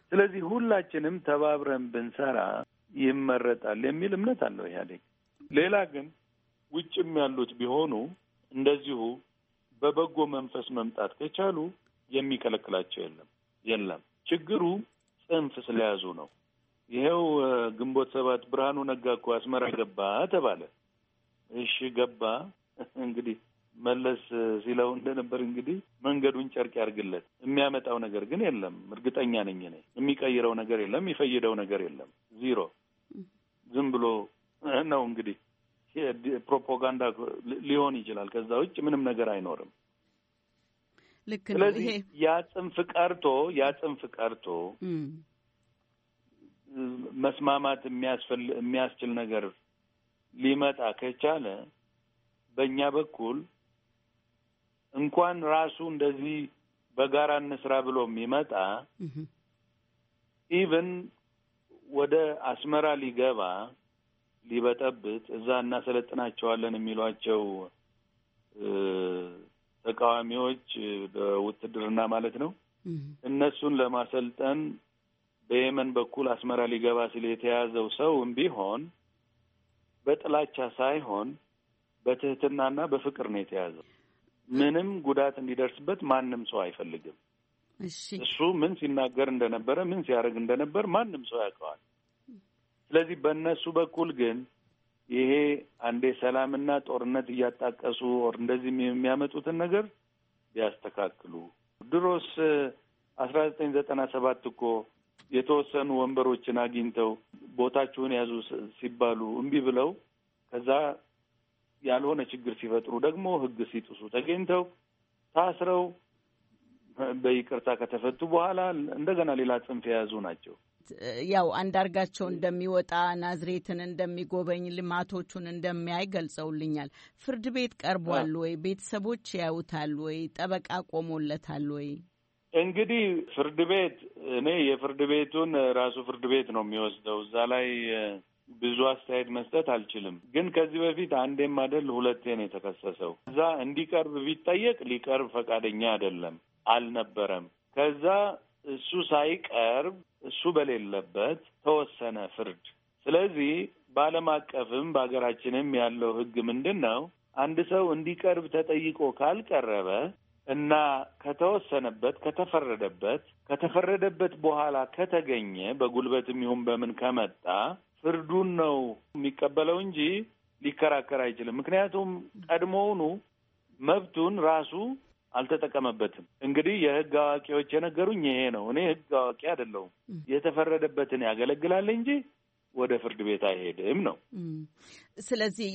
ስለዚህ ሁላችንም ተባብረን ብንሰራ ይመረጣል የሚል እምነት አለው ኢህአዴግ። ሌላ ግን ውጭም ያሉት ቢሆኑ እንደዚሁ በበጎ መንፈስ መምጣት ከቻሉ የሚከለክላቸው የለም የለም። ችግሩ ጽንፍ ስለያዙ ነው። ይኸው ግንቦት ሰባት ብርሃኑ ነጋ እኮ አስመራ ገባ ተባለ። እሺ ገባ። እንግዲህ መለስ ሲለው እንደነበር እንግዲህ መንገዱን ጨርቅ ያርግለት። የሚያመጣው ነገር ግን የለም። እርግጠኛ ነኝ እኔ የሚቀይረው ነገር የለም። የሚፈይደው ነገር የለም። ዚሮ ዝም ብሎ ነው እንግዲህ ፕሮፓጋንዳ ሊሆን ይችላል። ከዛ ውጭ ምንም ነገር አይኖርም። ልክ ነው። ስለዚህ ያ ጽንፍ ቀርቶ ያ ጽንፍ ቀርቶ መስማማት የሚያስችል ነገር ሊመጣ ከቻለ በእኛ በኩል እንኳን ራሱ እንደዚህ በጋራ እንስራ ብሎ የሚመጣ ኢቨን ወደ አስመራ ሊገባ ሊበጠብጥ እዛ እናሰለጥናቸዋለን የሚሏቸው ተቃዋሚዎች በውትድርና ማለት ነው እነሱን ለማሰልጠን በየመን በኩል አስመራ ሊገባ ሲል የተያዘው ሰውም ቢሆን በጥላቻ ሳይሆን በትህትናና በፍቅር ነው የተያዘው። ምንም ጉዳት እንዲደርስበት ማንም ሰው አይፈልግም። እሱ ምን ሲናገር እንደነበረ ምን ሲያደርግ እንደነበር ማንም ሰው ያውቀዋል። ስለዚህ በእነሱ በኩል ግን ይሄ አንዴ ሰላምና ጦርነት እያጣቀሱ ኦር እንደዚህ የሚያመጡትን ነገር ቢያስተካክሉ። ድሮስ አስራ ዘጠኝ ዘጠና ሰባት እኮ የተወሰኑ ወንበሮችን አግኝተው ቦታችሁን ያዙ ሲባሉ እምቢ ብለው ከዛ ያልሆነ ችግር ሲፈጥሩ ደግሞ ሕግ ሲጥሱ ተገኝተው ታስረው በይቅርታ ከተፈቱ በኋላ እንደገና ሌላ ጽንፍ የያዙ ናቸው። ያው አንዳርጋቸው እንደሚወጣ ናዝሬትን እንደሚጎበኝ ልማቶቹን እንደሚያይ ገልጸውልኛል። ፍርድ ቤት ቀርቧል ወይ? ቤተሰቦች ያዩታል ወይ? ጠበቃ ቆሞለታል ወይ? እንግዲህ ፍርድ ቤት እኔ የፍርድ ቤቱን ራሱ ፍርድ ቤት ነው የሚወስደው። እዛ ላይ ብዙ አስተያየት መስጠት አልችልም። ግን ከዚህ በፊት አንዴም አይደል ሁለቴ ነው የተከሰሰው። እዛ እንዲቀርብ ቢጠየቅ ሊቀርብ ፈቃደኛ አይደለም፣ አልነበረም። ከዛ እሱ ሳይቀርብ እሱ በሌለበት ተወሰነ ፍርድ። ስለዚህ በዓለም አቀፍም በሀገራችንም ያለው ህግ ምንድን ነው? አንድ ሰው እንዲቀርብ ተጠይቆ ካልቀረበ እና ከተወሰነበት ከተፈረደበት ከተፈረደበት በኋላ ከተገኘ በጉልበትም ይሁን በምን ከመጣ ፍርዱን ነው የሚቀበለው እንጂ ሊከራከር አይችልም። ምክንያቱም ቀድሞውኑ መብቱን ራሱ አልተጠቀመበትም። እንግዲህ የህግ አዋቂዎች የነገሩኝ ይሄ ነው። እኔ ህግ አዋቂ አይደለሁም። የተፈረደበትን ያገለግላል እንጂ ወደ ፍርድ ቤት አይሄድም ነው። ስለዚህ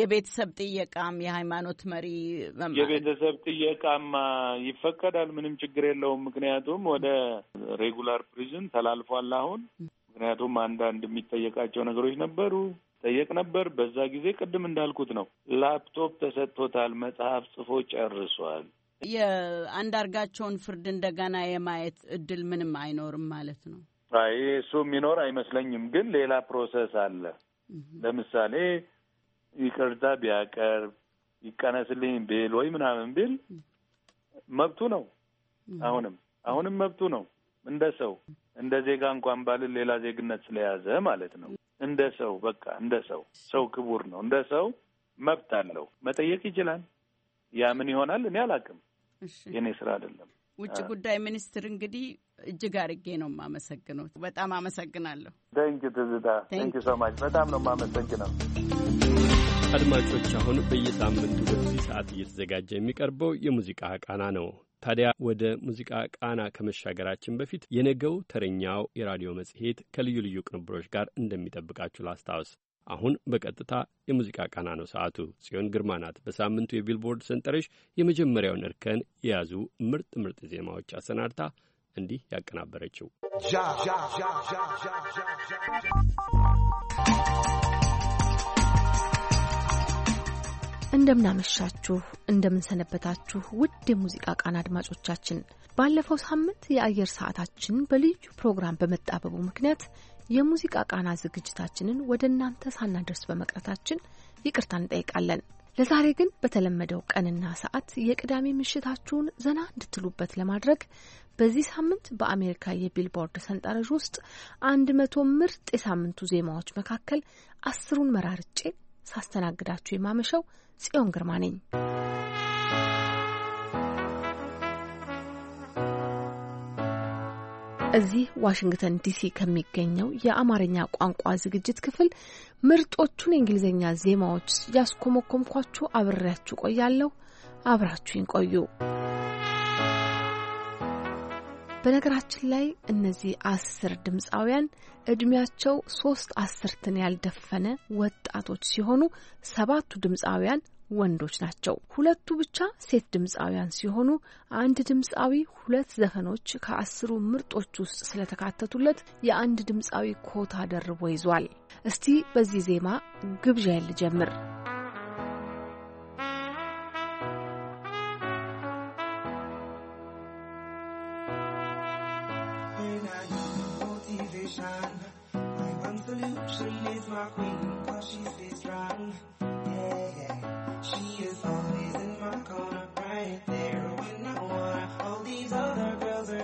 የቤተሰብ ጥየቃም የሃይማኖት መሪ የቤተሰብ ጥየቃም ይፈቀዳል፣ ምንም ችግር የለውም። ምክንያቱም ወደ ሬጉላር ፕሪዝን ተላልፏል አሁን። ምክንያቱም አንዳንድ የሚጠየቃቸው ነገሮች ነበሩ ጠየቅ ነበር። በዛ ጊዜ ቅድም እንዳልኩት ነው። ላፕቶፕ ተሰጥቶታል፣ መጽሐፍ ጽፎ ጨርሷል። የአንዳርጋቸውን ፍርድ እንደገና የማየት እድል ምንም አይኖርም ማለት ነው? አይ እሱ የሚኖር አይመስለኝም። ግን ሌላ ፕሮሰስ አለ። ለምሳሌ ይቅርታ ቢያቀርብ ይቀነስልኝ ቢል ወይ ምናምን ቢል መብቱ ነው። አሁንም አሁንም መብቱ ነው። እንደ ሰው እንደ ዜጋ እንኳን ባልን ሌላ ዜግነት ስለያዘ ማለት ነው። እንደ ሰው በቃ እንደ ሰው ሰው ክቡር ነው። እንደ ሰው መብት አለው፣ መጠየቅ ይችላል። ያ ምን ይሆናል እኔ አላውቅም። የኔ ስራ አይደለም። ውጭ ጉዳይ ሚኒስትር እንግዲህ እጅግ አርጌ ነው የማመሰግነው። በጣም አመሰግናለሁ። ንክ ትዝታ ንክ ሶማች በጣም ነው የማመሰግነው። አድማጮች አሁን በየሳምንቱ በዚህ ሰዓት እየተዘጋጀ የሚቀርበው የሙዚቃ ቃና ነው። ታዲያ ወደ ሙዚቃ ቃና ከመሻገራችን በፊት የነገው ተረኛው የራዲዮ መጽሔት ከልዩ ልዩ ቅንብሮች ጋር እንደሚጠብቃችሁ ላስታውስ። አሁን በቀጥታ የሙዚቃ ቃና ነው ሰዓቱ። ጽዮን ግርማ ናት በሳምንቱ የቢልቦርድ ሰንጠረዥ የመጀመሪያውን እርከን የያዙ ምርጥ ምርጥ ዜማዎች አሰናድታ እንዲህ ያቀናበረችው እንደምናመሻችሁ እንደምንሰነበታችሁ ውድ የሙዚቃ ቃና አድማጮቻችን፣ ባለፈው ሳምንት የአየር ሰዓታችን በልዩ ፕሮግራም በመጣበቡ ምክንያት የሙዚቃ ቃና ዝግጅታችንን ወደ እናንተ ሳናደርስ በመቅረታችን ይቅርታ እንጠይቃለን። ለዛሬ ግን በተለመደው ቀንና ሰዓት የቅዳሜ ምሽታችሁን ዘና እንድትሉበት ለማድረግ በዚህ ሳምንት በአሜሪካ የቢልቦርድ ሰንጠረዥ ውስጥ አንድ መቶ ምርጥ የሳምንቱ ዜማዎች መካከል አስሩን መራርጬ ሳስተናግዳችሁ የማመሸው ጽዮን ግርማ ነኝ። እዚህ ዋሽንግተን ዲሲ ከሚገኘው የአማርኛ ቋንቋ ዝግጅት ክፍል ምርጦቹን የእንግሊዝኛ ዜማዎች ያስኮመኮምኳችሁ አብሬያችሁ ቆያለሁ። አብራችሁኝ ቆዩ። በነገራችን ላይ እነዚህ አስር ድምፃውያን እድሜያቸው ሶስት አስርትን ያልደፈነ ወጣቶች ሲሆኑ ሰባቱ ድምፃውያን ወንዶች ናቸው። ሁለቱ ብቻ ሴት ድምፃውያን ሲሆኑ አንድ ድምፃዊ ሁለት ዘፈኖች ከአስሩ ምርጦች ውስጥ ስለተካተቱለት የአንድ ድምፃዊ ኮታ ደርቦ ይዟል። እስቲ በዚህ ዜማ ግብዣ ልጀምር። solution is my queen, cause she's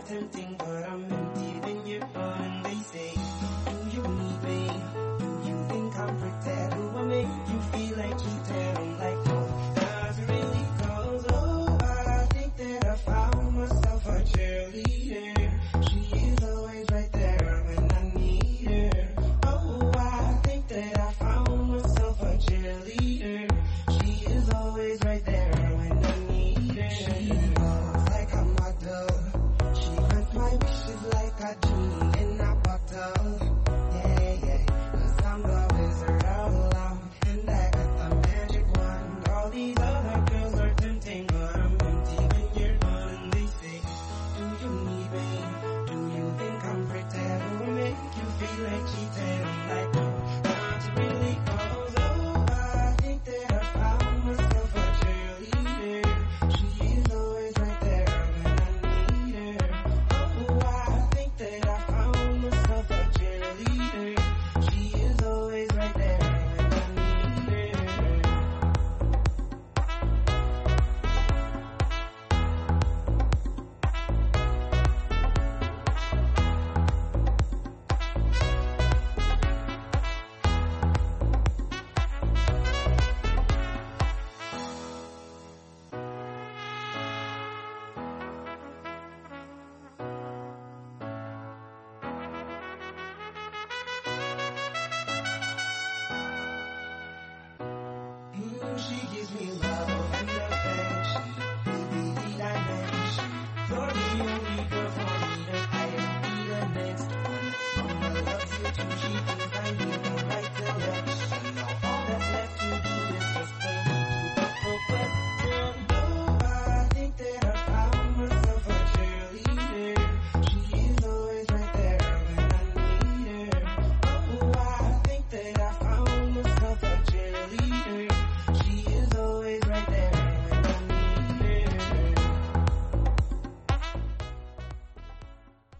tempting, but I'm in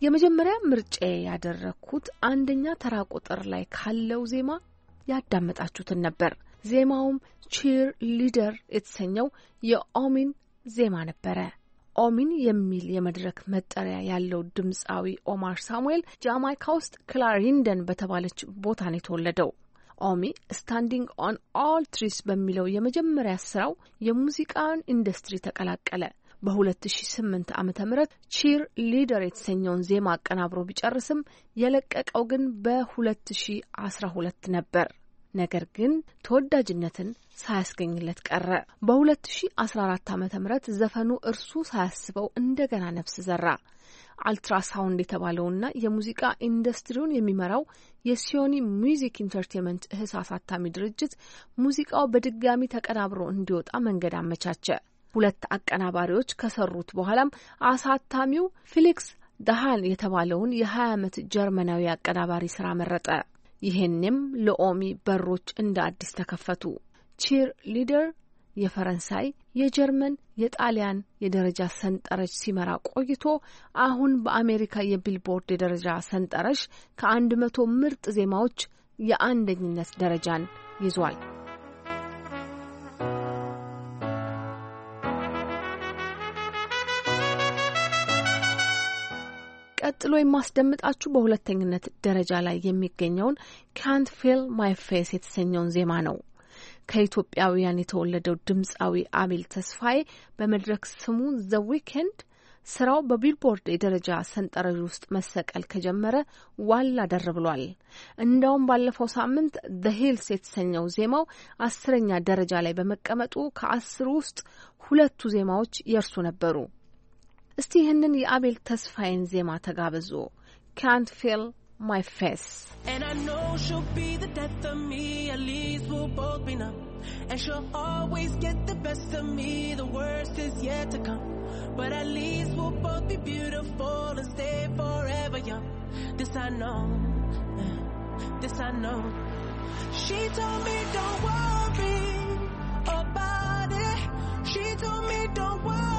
የመጀመሪያ ምርጫ ያደረግኩት አንደኛ ተራ ቁጥር ላይ ካለው ዜማ ያዳመጣችሁትን ነበር። ዜማውም ቺር ሊደር የተሰኘው የኦሚን ዜማ ነበረ። ኦሚን የሚል የመድረክ መጠሪያ ያለው ድምፃዊ ኦማር ሳሙኤል ጃማይካ ውስጥ ክላሪንደን በተባለች ቦታ ነው የተወለደው። ኦሚ ስታንዲንግ ኦን ኦል ትሪስ በሚለው የመጀመሪያ ስራው የሙዚቃን ኢንዱስትሪ ተቀላቀለ። በ2008 ዓ ም ቺር ሊደር የተሰኘውን ዜማ አቀናብሮ ቢጨርስም የለቀቀው ግን በ2012 ነበር። ነገር ግን ተወዳጅነትን ሳያስገኝለት ቀረ። በ2014 ዓ ም ዘፈኑ እርሱ ሳያስበው እንደገና ነፍስ ዘራ። አልትራሳውንድ የተባለውና የሙዚቃ ኢንዱስትሪውን የሚመራው የሲዮኒ ሚዚክ ኢንተርቴንመንት እህሳ አሳታሚ ድርጅት ሙዚቃው በድጋሚ ተቀናብሮ እንዲወጣ መንገድ አመቻቸ። ሁለት አቀናባሪዎች ከሰሩት በኋላም አሳታሚው ፊሊክስ ዳሃን የተባለውን የ20 ዓመት ጀርመናዊ አቀናባሪ ስራ መረጠ። ይህንም ለኦሚ በሮች እንደ አዲስ ተከፈቱ። ቺር ሊደር የፈረንሳይ፣ የጀርመን፣ የጣሊያን የደረጃ ሰንጠረዥ ሲመራ ቆይቶ አሁን በአሜሪካ የቢልቦርድ የደረጃ ሰንጠረዥ ከአንድ መቶ ምርጥ ዜማዎች የአንደኝነት ደረጃን ይዟል። ቀጥሎ የማስደምጣችሁ በሁለተኝነት ደረጃ ላይ የሚገኘውን ካንት ፊል ማይ ፌስ የተሰኘውን ዜማ ነው። ከኢትዮጵያውያን የተወለደው ድምፃዊ አቤል ተስፋዬ በመድረክ ስሙ ዘ ዊኬንድ ስራው በቢልቦርድ የደረጃ ሰንጠረዥ ውስጥ መሰቀል ከጀመረ ዋል አደር ብሏል። እንዳውም ባለፈው ሳምንት ዘ ሂልስ የተሰኘው ዜማው አስረኛ ደረጃ ላይ በመቀመጡ ከአስሩ ውስጥ ሁለቱ ዜማዎች የእርሱ ነበሩ። እስቲ ይህንን የአቤል ተስፋዬን ዜማ ተጋብዞ ካንት ፌል my face. And I know she'll be the death of me, at least we'll both be numb. And she'll always get the best of me, the worst is yet to come. But at least we'll both be beautiful and stay forever young. This I know, this I know. She told me don't worry about it. She told me don't worry.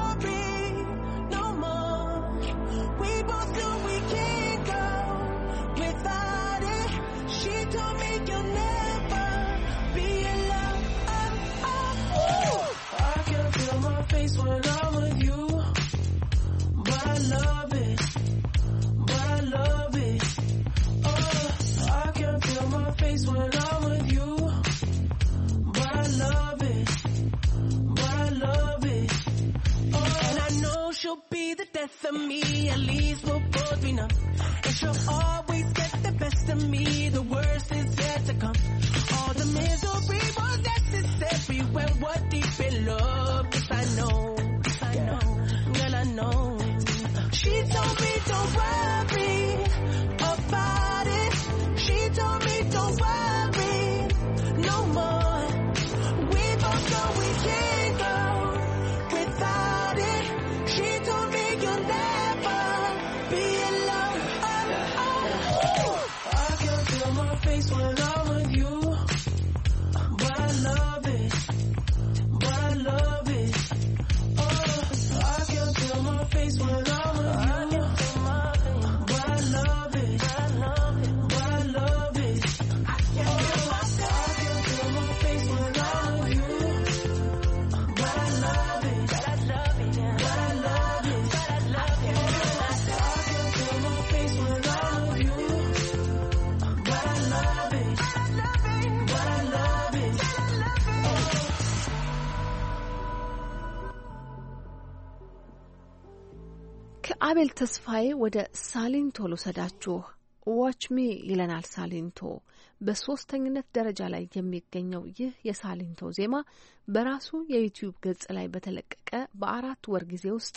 she'll be the death of me. At least we'll both be numb. And she'll always get the best of me. The worst is yet to come. All the misery was necessary when we're deep in love. Cause I know, cause I know, girl, I know. She told me don't worry. ተስፋዬ ወደ ሳሊንቶ ልውሰዳችሁ። ዋች ሚ ይለናል ሳሊንቶ። በሶስተኝነት ደረጃ ላይ የሚገኘው ይህ የሳሊንቶ ዜማ በራሱ የዩቲዩብ ገጽ ላይ በተለቀቀ በአራት ወር ጊዜ ውስጥ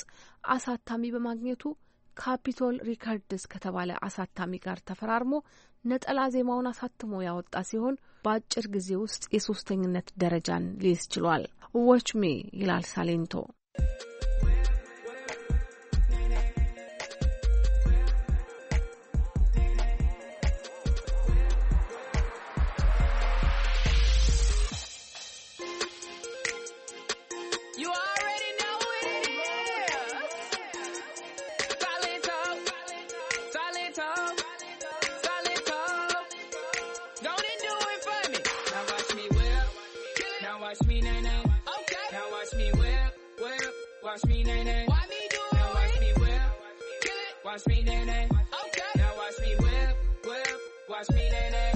አሳታሚ በማግኘቱ ካፒቶል ሪካርድስ ከተባለ አሳታሚ ጋር ተፈራርሞ ነጠላ ዜማውን አሳትሞ ያወጣ ሲሆን በአጭር ጊዜ ውስጥ የሶስተኝነት ደረጃን ሊይዝ ችሏል። ዋች ሚ ይላል ሳሊንቶ። watch me, nay, nay. Why me do now watch me whip. Watch me, nay, nay. Okay. Now watch me whip, whip. Watch me, nay, nay.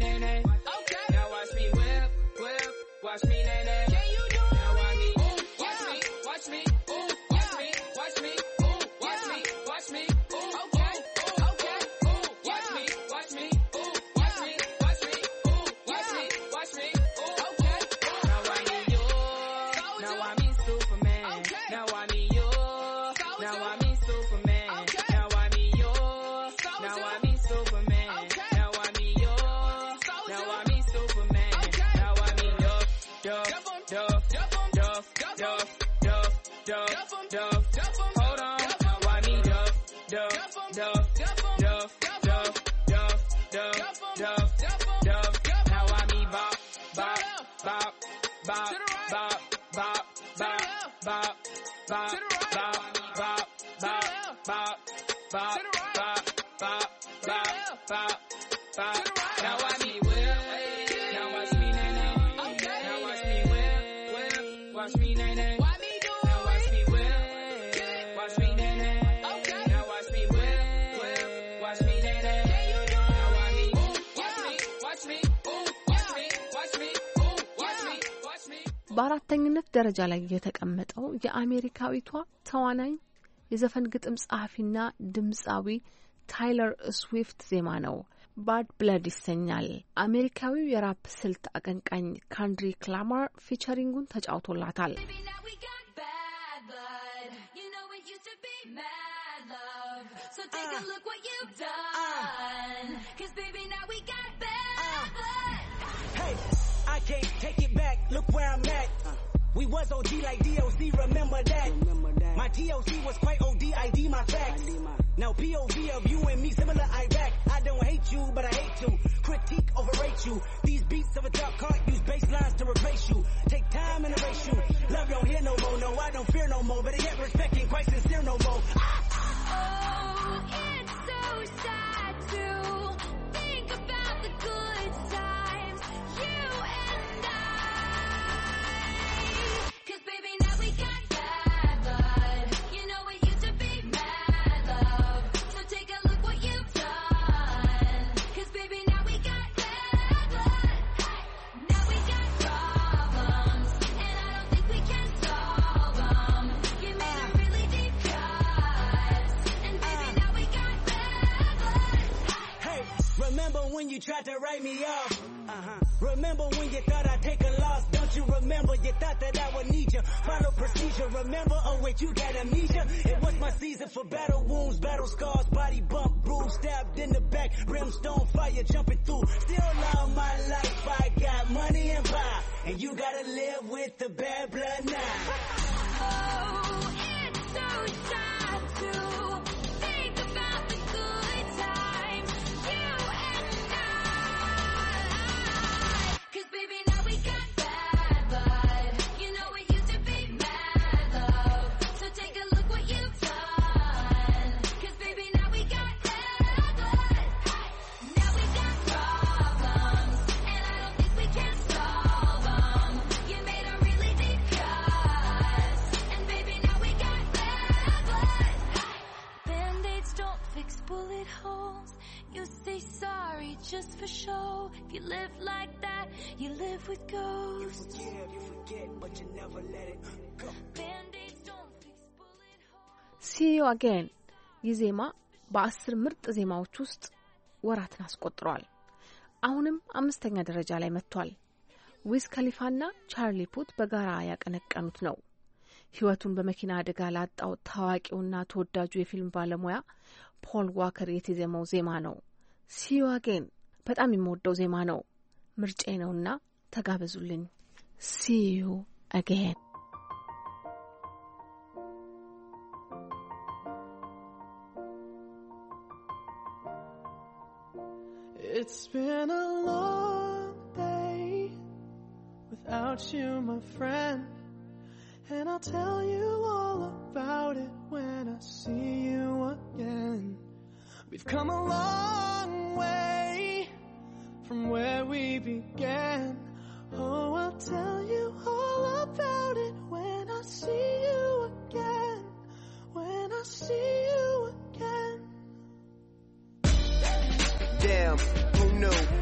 nay, nay. Okay. Now watch me whip, whip, watch me nay. በአራተኝነት ደረጃ ላይ የተቀመጠው የአሜሪካዊቷ ተዋናኝ የዘፈን ግጥም ጸሐፊና ድምፃዊ ታይለር ስዊፍት ዜማ ነው። ባድ ብለድ ይሰኛል። አሜሪካዊው የራፕ ስልት አቀንቃኝ ካንድሪ ክላማር ፊቸሪንጉን ተጫውቶላታል። Can't take it back, look where I'm at We was OG like DOC, remember that. Remember that. My TOC was quite ODID, my facts. My... Now POV of you and me, similar Iraq. I don't hate you, but I hate to. Critique, overrate you. These beats of a dark cart use bass lines to replace you. Take time and erase you. Love don't hear no more, no, I don't fear no more. But yet respecting quite sincere no more. Ah! Oh, it's so sad to think about the good side. you tried to write me off. Uh-huh. Remember when you thought I'd take a loss? Don't you remember? You thought that I would need you. Follow procedure, remember? Oh wait, you got amnesia. It was my season for battle wounds, battle scars, body bump, bruise, stabbed in the back, brimstone fire jumping through. Still love my life, I got money and power, and you gotta live with the bad blood now. Oh, it's so sad to just for show. If you live like that, you live with ghosts. You forget, you forget, but you never let it go. Band-aids don't fix bullet holes. See you again. ይህ ዜማ በአስር ምርጥ ዜማዎች ውስጥ ወራትን አስቆጥሯል። አሁንም አምስተኛ ደረጃ ላይ መጥቷል። ዊዝ ከሊፋና ቻርሊ ፑት በጋራ ያቀነቀኑት ነው። ሕይወቱን በመኪና አደጋ ላጣው ታዋቂውና ተወዳጁ የፊልም ባለሙያ ፖል ዋከር የተዜመው ዜማ ነው ሲዩ አጌን በጣም የምወደው ዜማ ነው። ምርጬ ነውና ተጋበዙልኝ። ሲዩ አገን It's been a long day without you, my friend, and I'll tell you all about it when I see you again. We've come a long way from where we began. Oh, I'll tell you all about it when I see you again. When I see you again. Damn, who knew?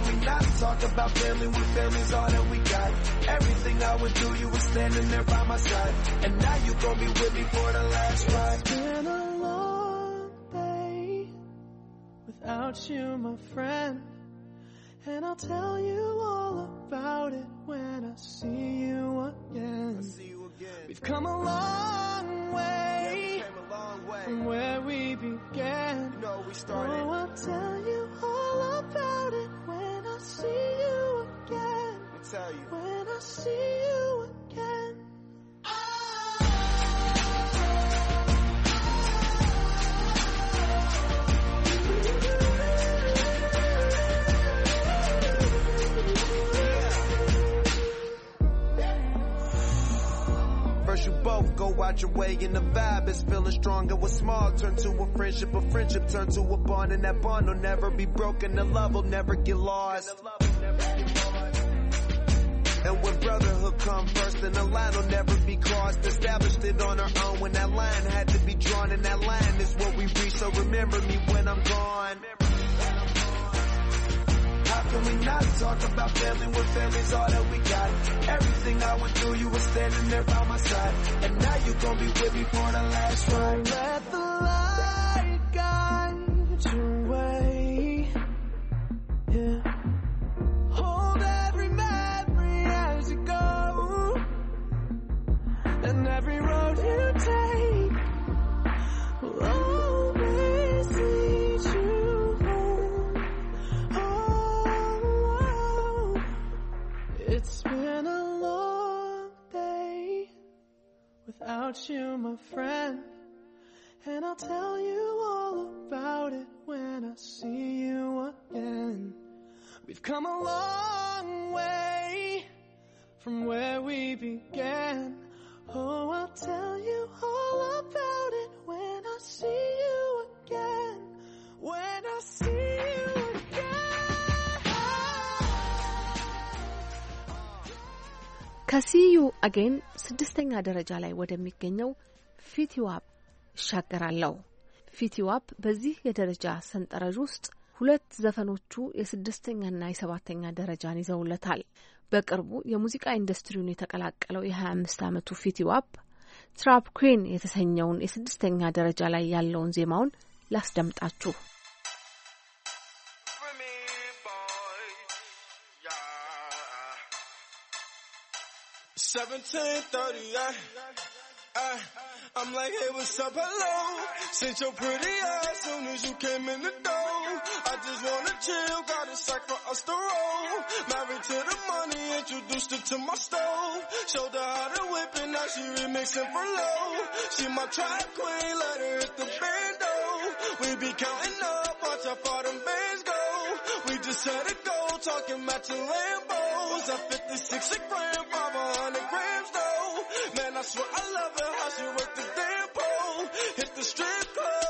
can we not talk about family when family's all that we got? Everything I would do, you were standing there by my side. And now you gon' be with me for the last ride. It's been a long day without you, my friend. And I'll tell you all about it when I see you again. See you again. We've come a long way way. From where we began. You know we started. Oh, I'll tell you all about it when I see you again. I tell you. When I see you again. you both go out your way and the vibe is feeling stronger. with small turn to a friendship, a friendship turn to a bond, and that bond will never be broken. The love will never get lost. And when brotherhood come first, then the line will never be crossed. Established it on our own when that line had to be drawn, and that line is what we reach. So remember me when I'm gone can we not talk about family when family's all that we got? Everything I went through, you were standing there by my side. And now you gon' be with me for the last ride. Let the light without you, my friend. And I'll tell you all about it when I see you again. We've come a long way from where we began. Oh, I'll tell you all about it when I see you again. When I see you again. ከሲዩ አጌን ስድስተኛ ደረጃ ላይ ወደሚገኘው ፊቲዋፕ ይሻገራለሁ። ፊቲዋፕ በዚህ የደረጃ ሰንጠረዥ ውስጥ ሁለት ዘፈኖቹ የስድስተኛና የሰባተኛ ደረጃን ይዘውለታል። በቅርቡ የሙዚቃ ኢንዱስትሪውን የተቀላቀለው የ25 ዓመቱ ፊቲዋፕ ትራፕ ኩን የተሰኘውን የስድስተኛ ደረጃ ላይ ያለውን ዜማውን ላስደምጣችሁ። 1730, I, I, I'm like, hey, what's up, hello? Since your pretty eyes, soon as you came in the door, I just wanna chill, got a sack for us to roll. Married to the money, introduced her to my stove. Showed her how to whip and now she remixing for low. She my trap queen, let her hit the bando. We be counting up, watch how far them bands go. We just set a go, talking matching Lambo is a 56 a gram, I'm hundred grams though. Man, I swear I love her, how she work the damn pole. Hit the strip club.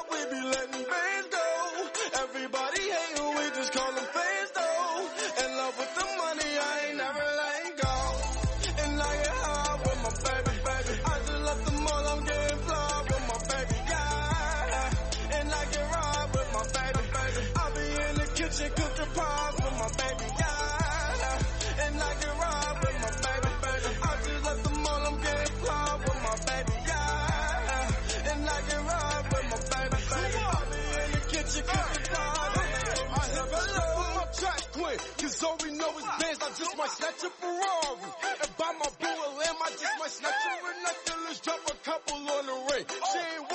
So we know it's Benz, I just might snatch a Ferrari. And buy my boo a I just might snatch a her let's drop a couple on the ring. She ain't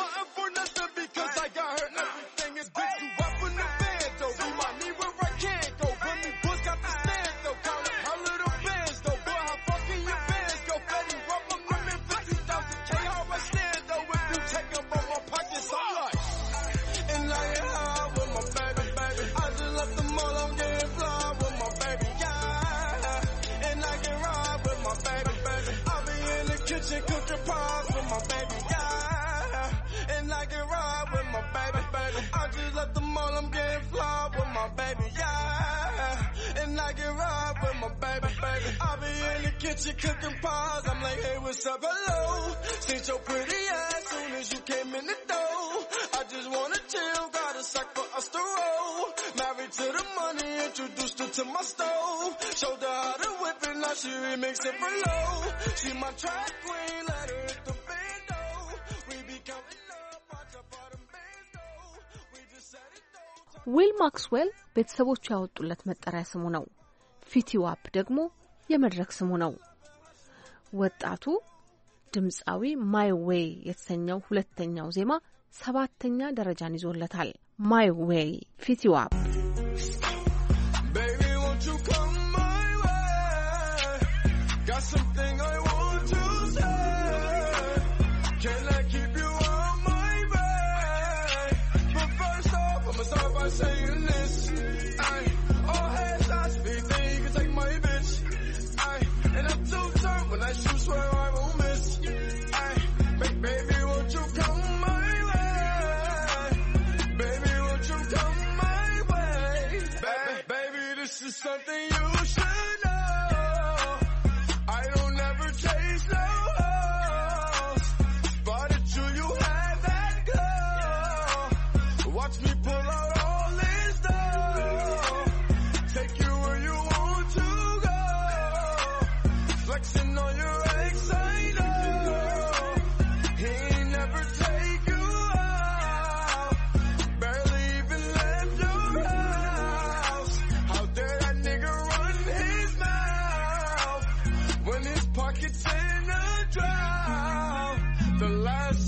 baby, yeah. And I can ride with my baby, baby. I be in the kitchen cooking pies. I'm like, hey, what's up, hello? Since your pretty ass soon as you came in the door. I just wanna chill, got a sack for us to roll. Married to the money, introduced her to my stove. Showed her how to whip it, now she remix it below. She my track queen, let her hit the ዊል ማክስዌል ቤተሰቦቹ ያወጡለት መጠሪያ ስሙ ነው። ፊቲዋፕ ደግሞ የመድረክ ስሙ ነው። ወጣቱ ድምፃዊ ማይ ዌይ የተሰኘው ሁለተኛው ዜማ ሰባተኛ ደረጃን ይዞለታል። ማይ ዌይ ፊቲዋፕ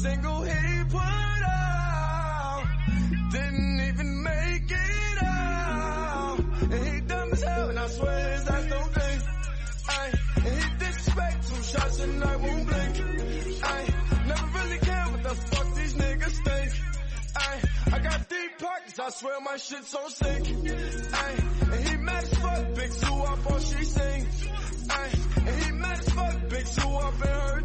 single he put out. Didn't even make it out. And he dumb as hell, and I swear his eyes don't blink. Ay, and he disrespect two shots and I won't blink. Ay, never really care what the fuck these niggas think. Ay, I got deep pockets, I swear my shit's so sick. Ay, and he mad as fuck, big two up on she sing. Ay, and he mad as fuck, big two up in her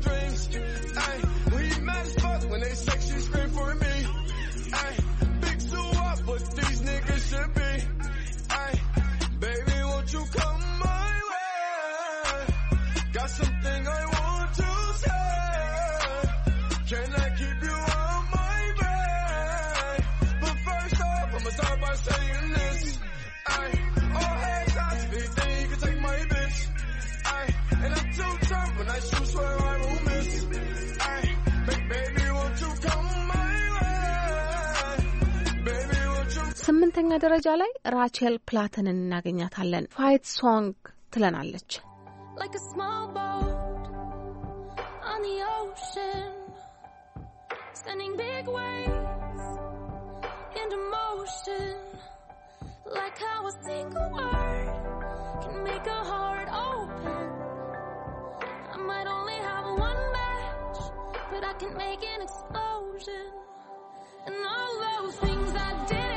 በአራተኛ ደረጃ ላይ ራቸል ፕላተንን እናገኛታለን። ፋይት ሶንግ ትለናለች። Sending big waves into motion, like how a single word can make a heart open. I might only have one match, but I can make an explosion. And all those things I did.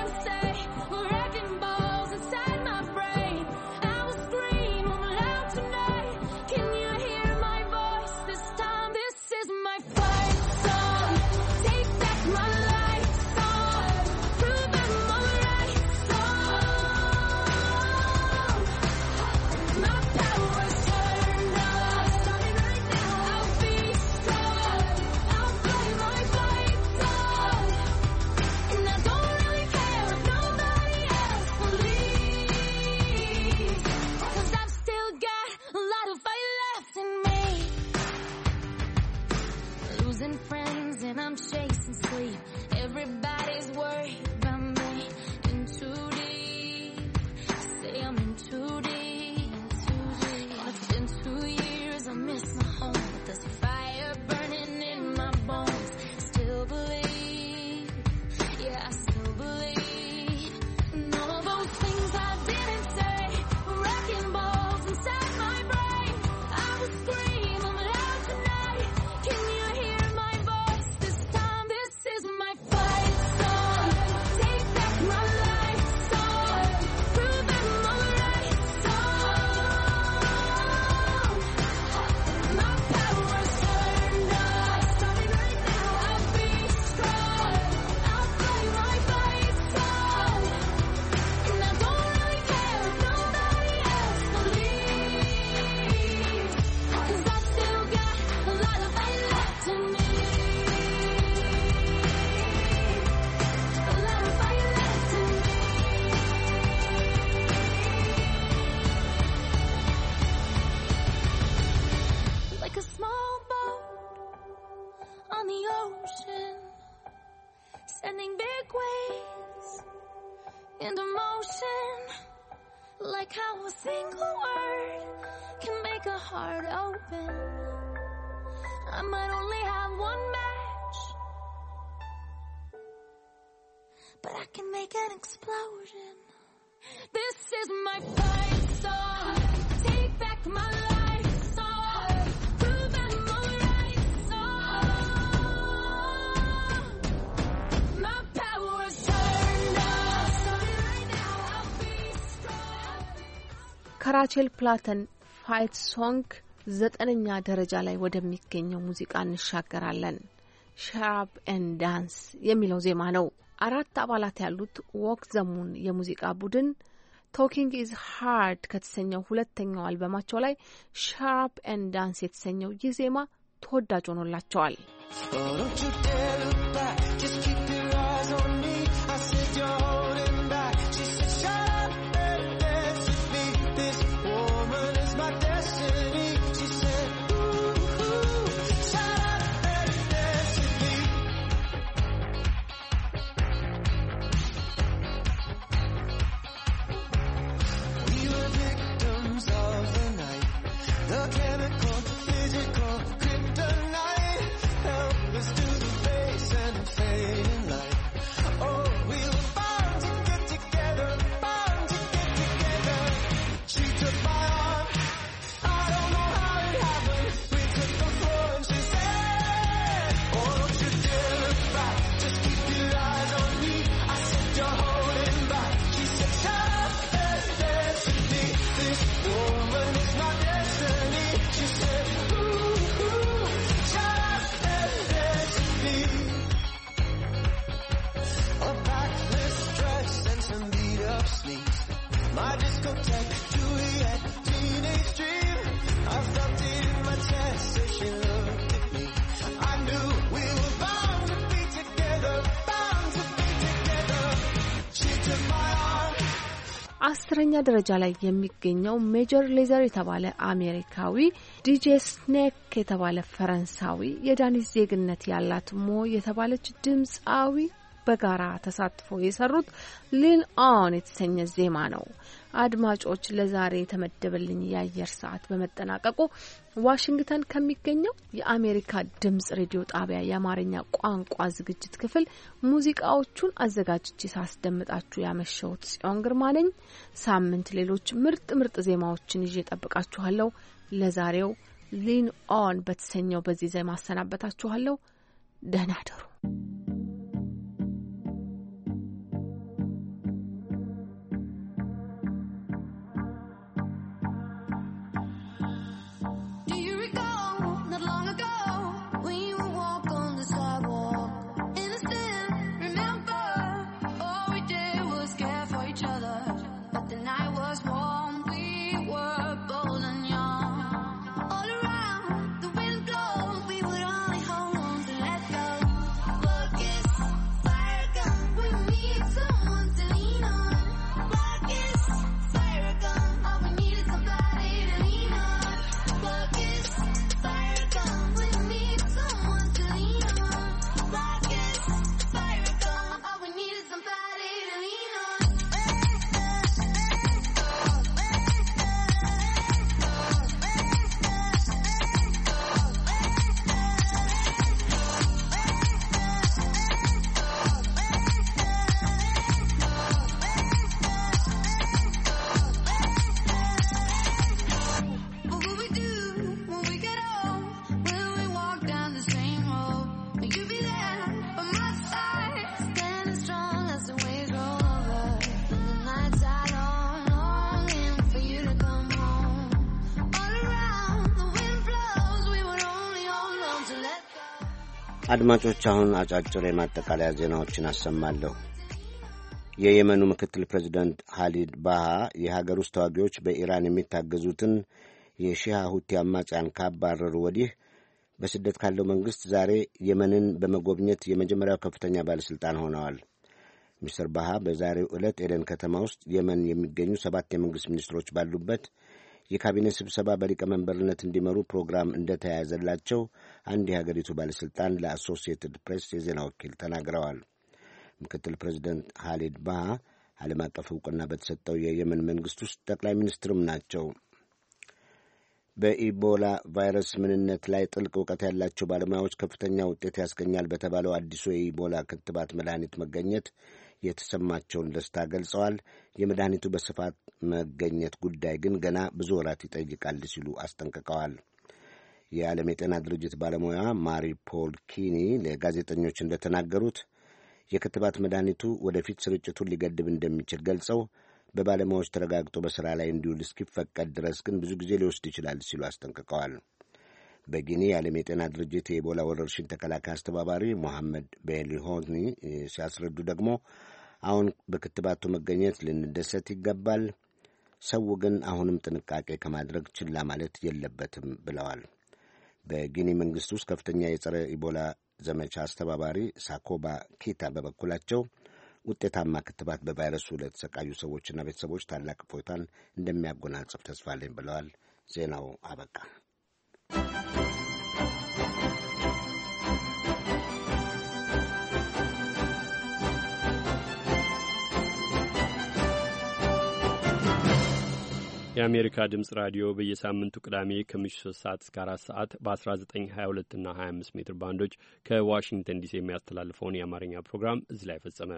but I can make an explosion. This is my fight song. Take back my life. ከራቼል ፕላተን ፋይት ሶንግ ዘጠነኛ ደረጃ ላይ ወደሚገኘው ሙዚቃ እንሻገራለን። ሻራፕ ኤን ዳንስ የሚለው ዜማ ነው። አራት አባላት ያሉት ዎክ ዘሙን የሙዚቃ ቡድን ቶኪንግ ኢዝ ሃርድ ከተሰኘው ሁለተኛው አልበማቸው ላይ ሻርፕ ኤን ዳንስ የተሰኘው ይህ ዜማ ተወዳጅ ሆኖላቸዋል። አስረኛ ደረጃ ላይ የሚገኘው ሜጀር ሌዘር የተባለ አሜሪካዊ፣ ዲጄ ስኔክ የተባለ ፈረንሳዊ፣ የዳኒስ ዜግነት ያላት ሞ የተባለች ድምፃዊ በጋራ ተሳትፎ የሰሩት ሊን ኦን የተሰኘ ዜማ ነው። አድማጮች፣ ለዛሬ የተመደበልኝ የአየር ሰዓት በመጠናቀቁ ዋሽንግተን ከሚገኘው የአሜሪካ ድምጽ ሬዲዮ ጣቢያ የአማርኛ ቋንቋ ዝግጅት ክፍል ሙዚቃዎቹን አዘጋጅቼ ሳስደምጣችሁ ያመሸሁት ጽዮን ግርማ ነኝ። ሳምንት ሌሎች ምርጥ ምርጥ ዜማዎችን ይዤ ጠብቃችኋለሁ። ለዛሬው ሊን ኦን በተሰኘው በዚህ ዜማ አሰናበታችኋለሁ። ደህና ደሩ። አድማጮች፣ አሁን አጫጭር የማጠቃለያ ዜናዎችን አሰማለሁ። የየመኑ ምክትል ፕሬዚደንት ሀሊድ ባሃ የሀገር ውስጥ ተዋጊዎች በኢራን የሚታገዙትን የሺሃ ሁቲ አማጽያን ካባረሩ ወዲህ በስደት ካለው መንግሥት ዛሬ የመንን በመጎብኘት የመጀመሪያው ከፍተኛ ባለሥልጣን ሆነዋል። ሚስተር ባሃ በዛሬው ዕለት ኤደን ከተማ ውስጥ የመን የሚገኙ ሰባት የመንግሥት ሚኒስትሮች ባሉበት የካቢኔ ስብሰባ በሊቀመንበርነት እንዲመሩ ፕሮግራም እንደተያያዘላቸው አንድ የሀገሪቱ ባለሥልጣን ለአሶሲየትድ ፕሬስ የዜና ወኪል ተናግረዋል። ምክትል ፕሬዚደንት ሃሊድ ባህ ዓለም አቀፍ እውቅና በተሰጠው የየመን መንግሥት ውስጥ ጠቅላይ ሚኒስትርም ናቸው። በኢቦላ ቫይረስ ምንነት ላይ ጥልቅ እውቀት ያላቸው ባለሙያዎች ከፍተኛ ውጤት ያስገኛል በተባለው አዲሱ የኢቦላ ክትባት መድኃኒት መገኘት የተሰማቸውን ደስታ ገልጸዋል። የመድኃኒቱ በስፋት መገኘት ጉዳይ ግን ገና ብዙ ወራት ይጠይቃል ሲሉ አስጠንቅቀዋል። የዓለም የጤና ድርጅት ባለሙያ ማሪ ፖል ኪኒ ለጋዜጠኞች እንደተናገሩት የክትባት መድኃኒቱ ወደፊት ስርጭቱን ሊገድብ እንደሚችል ገልጸው በባለሙያዎች ተረጋግጦ በሥራ ላይ እንዲውል እስኪፈቀድ ድረስ ግን ብዙ ጊዜ ሊወስድ ይችላል ሲሉ አስጠንቅቀዋል። በጊኒ የዓለም የጤና ድርጅት የኢቦላ ወረርሽኝ ተከላካይ አስተባባሪ ሞሐመድ ቤሊሆኒ ሲያስረዱ ደግሞ አሁን በክትባቱ መገኘት ልንደሰት ይገባል። ሰው ግን አሁንም ጥንቃቄ ከማድረግ ችላ ማለት የለበትም ብለዋል። በጊኒ መንግሥት ውስጥ ከፍተኛ የጸረ ኢቦላ ዘመቻ አስተባባሪ ሳኮባ ኪታ በበኩላቸው ውጤታማ ክትባት በቫይረሱ ለተሰቃዩ ሰዎችና ቤተሰቦች ታላቅ እፎይታን እንደሚያጎናጽፍ ተስፋ አለኝ ብለዋል። ዜናው አበቃ። የአሜሪካ ድምፅ ራዲዮ በየሳምንቱ ቅዳሜ ከምሽቱ 3 ሰዓት እስከ 4 ሰዓት በ1922 እና 25 ሜትር ባንዶች ከዋሽንግተን ዲሲ የሚያስተላልፈውን የአማርኛ ፕሮግራም እዚህ ላይ ፈጸመ።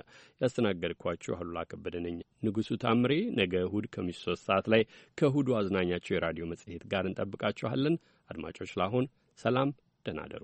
ያስተናገድኳችሁ አሉላ ከበደ ነኝ። ንጉሡ ታምሬ ነገ እሁድ ከምሽቱ 3 ሰዓት ላይ ከእሁዱ አዝናኛቸው የራዲዮ መጽሔት ጋር እንጠብቃችኋለን። አድማጮች፣ ለአሁን ሰላም፣ ደህና አደሩ።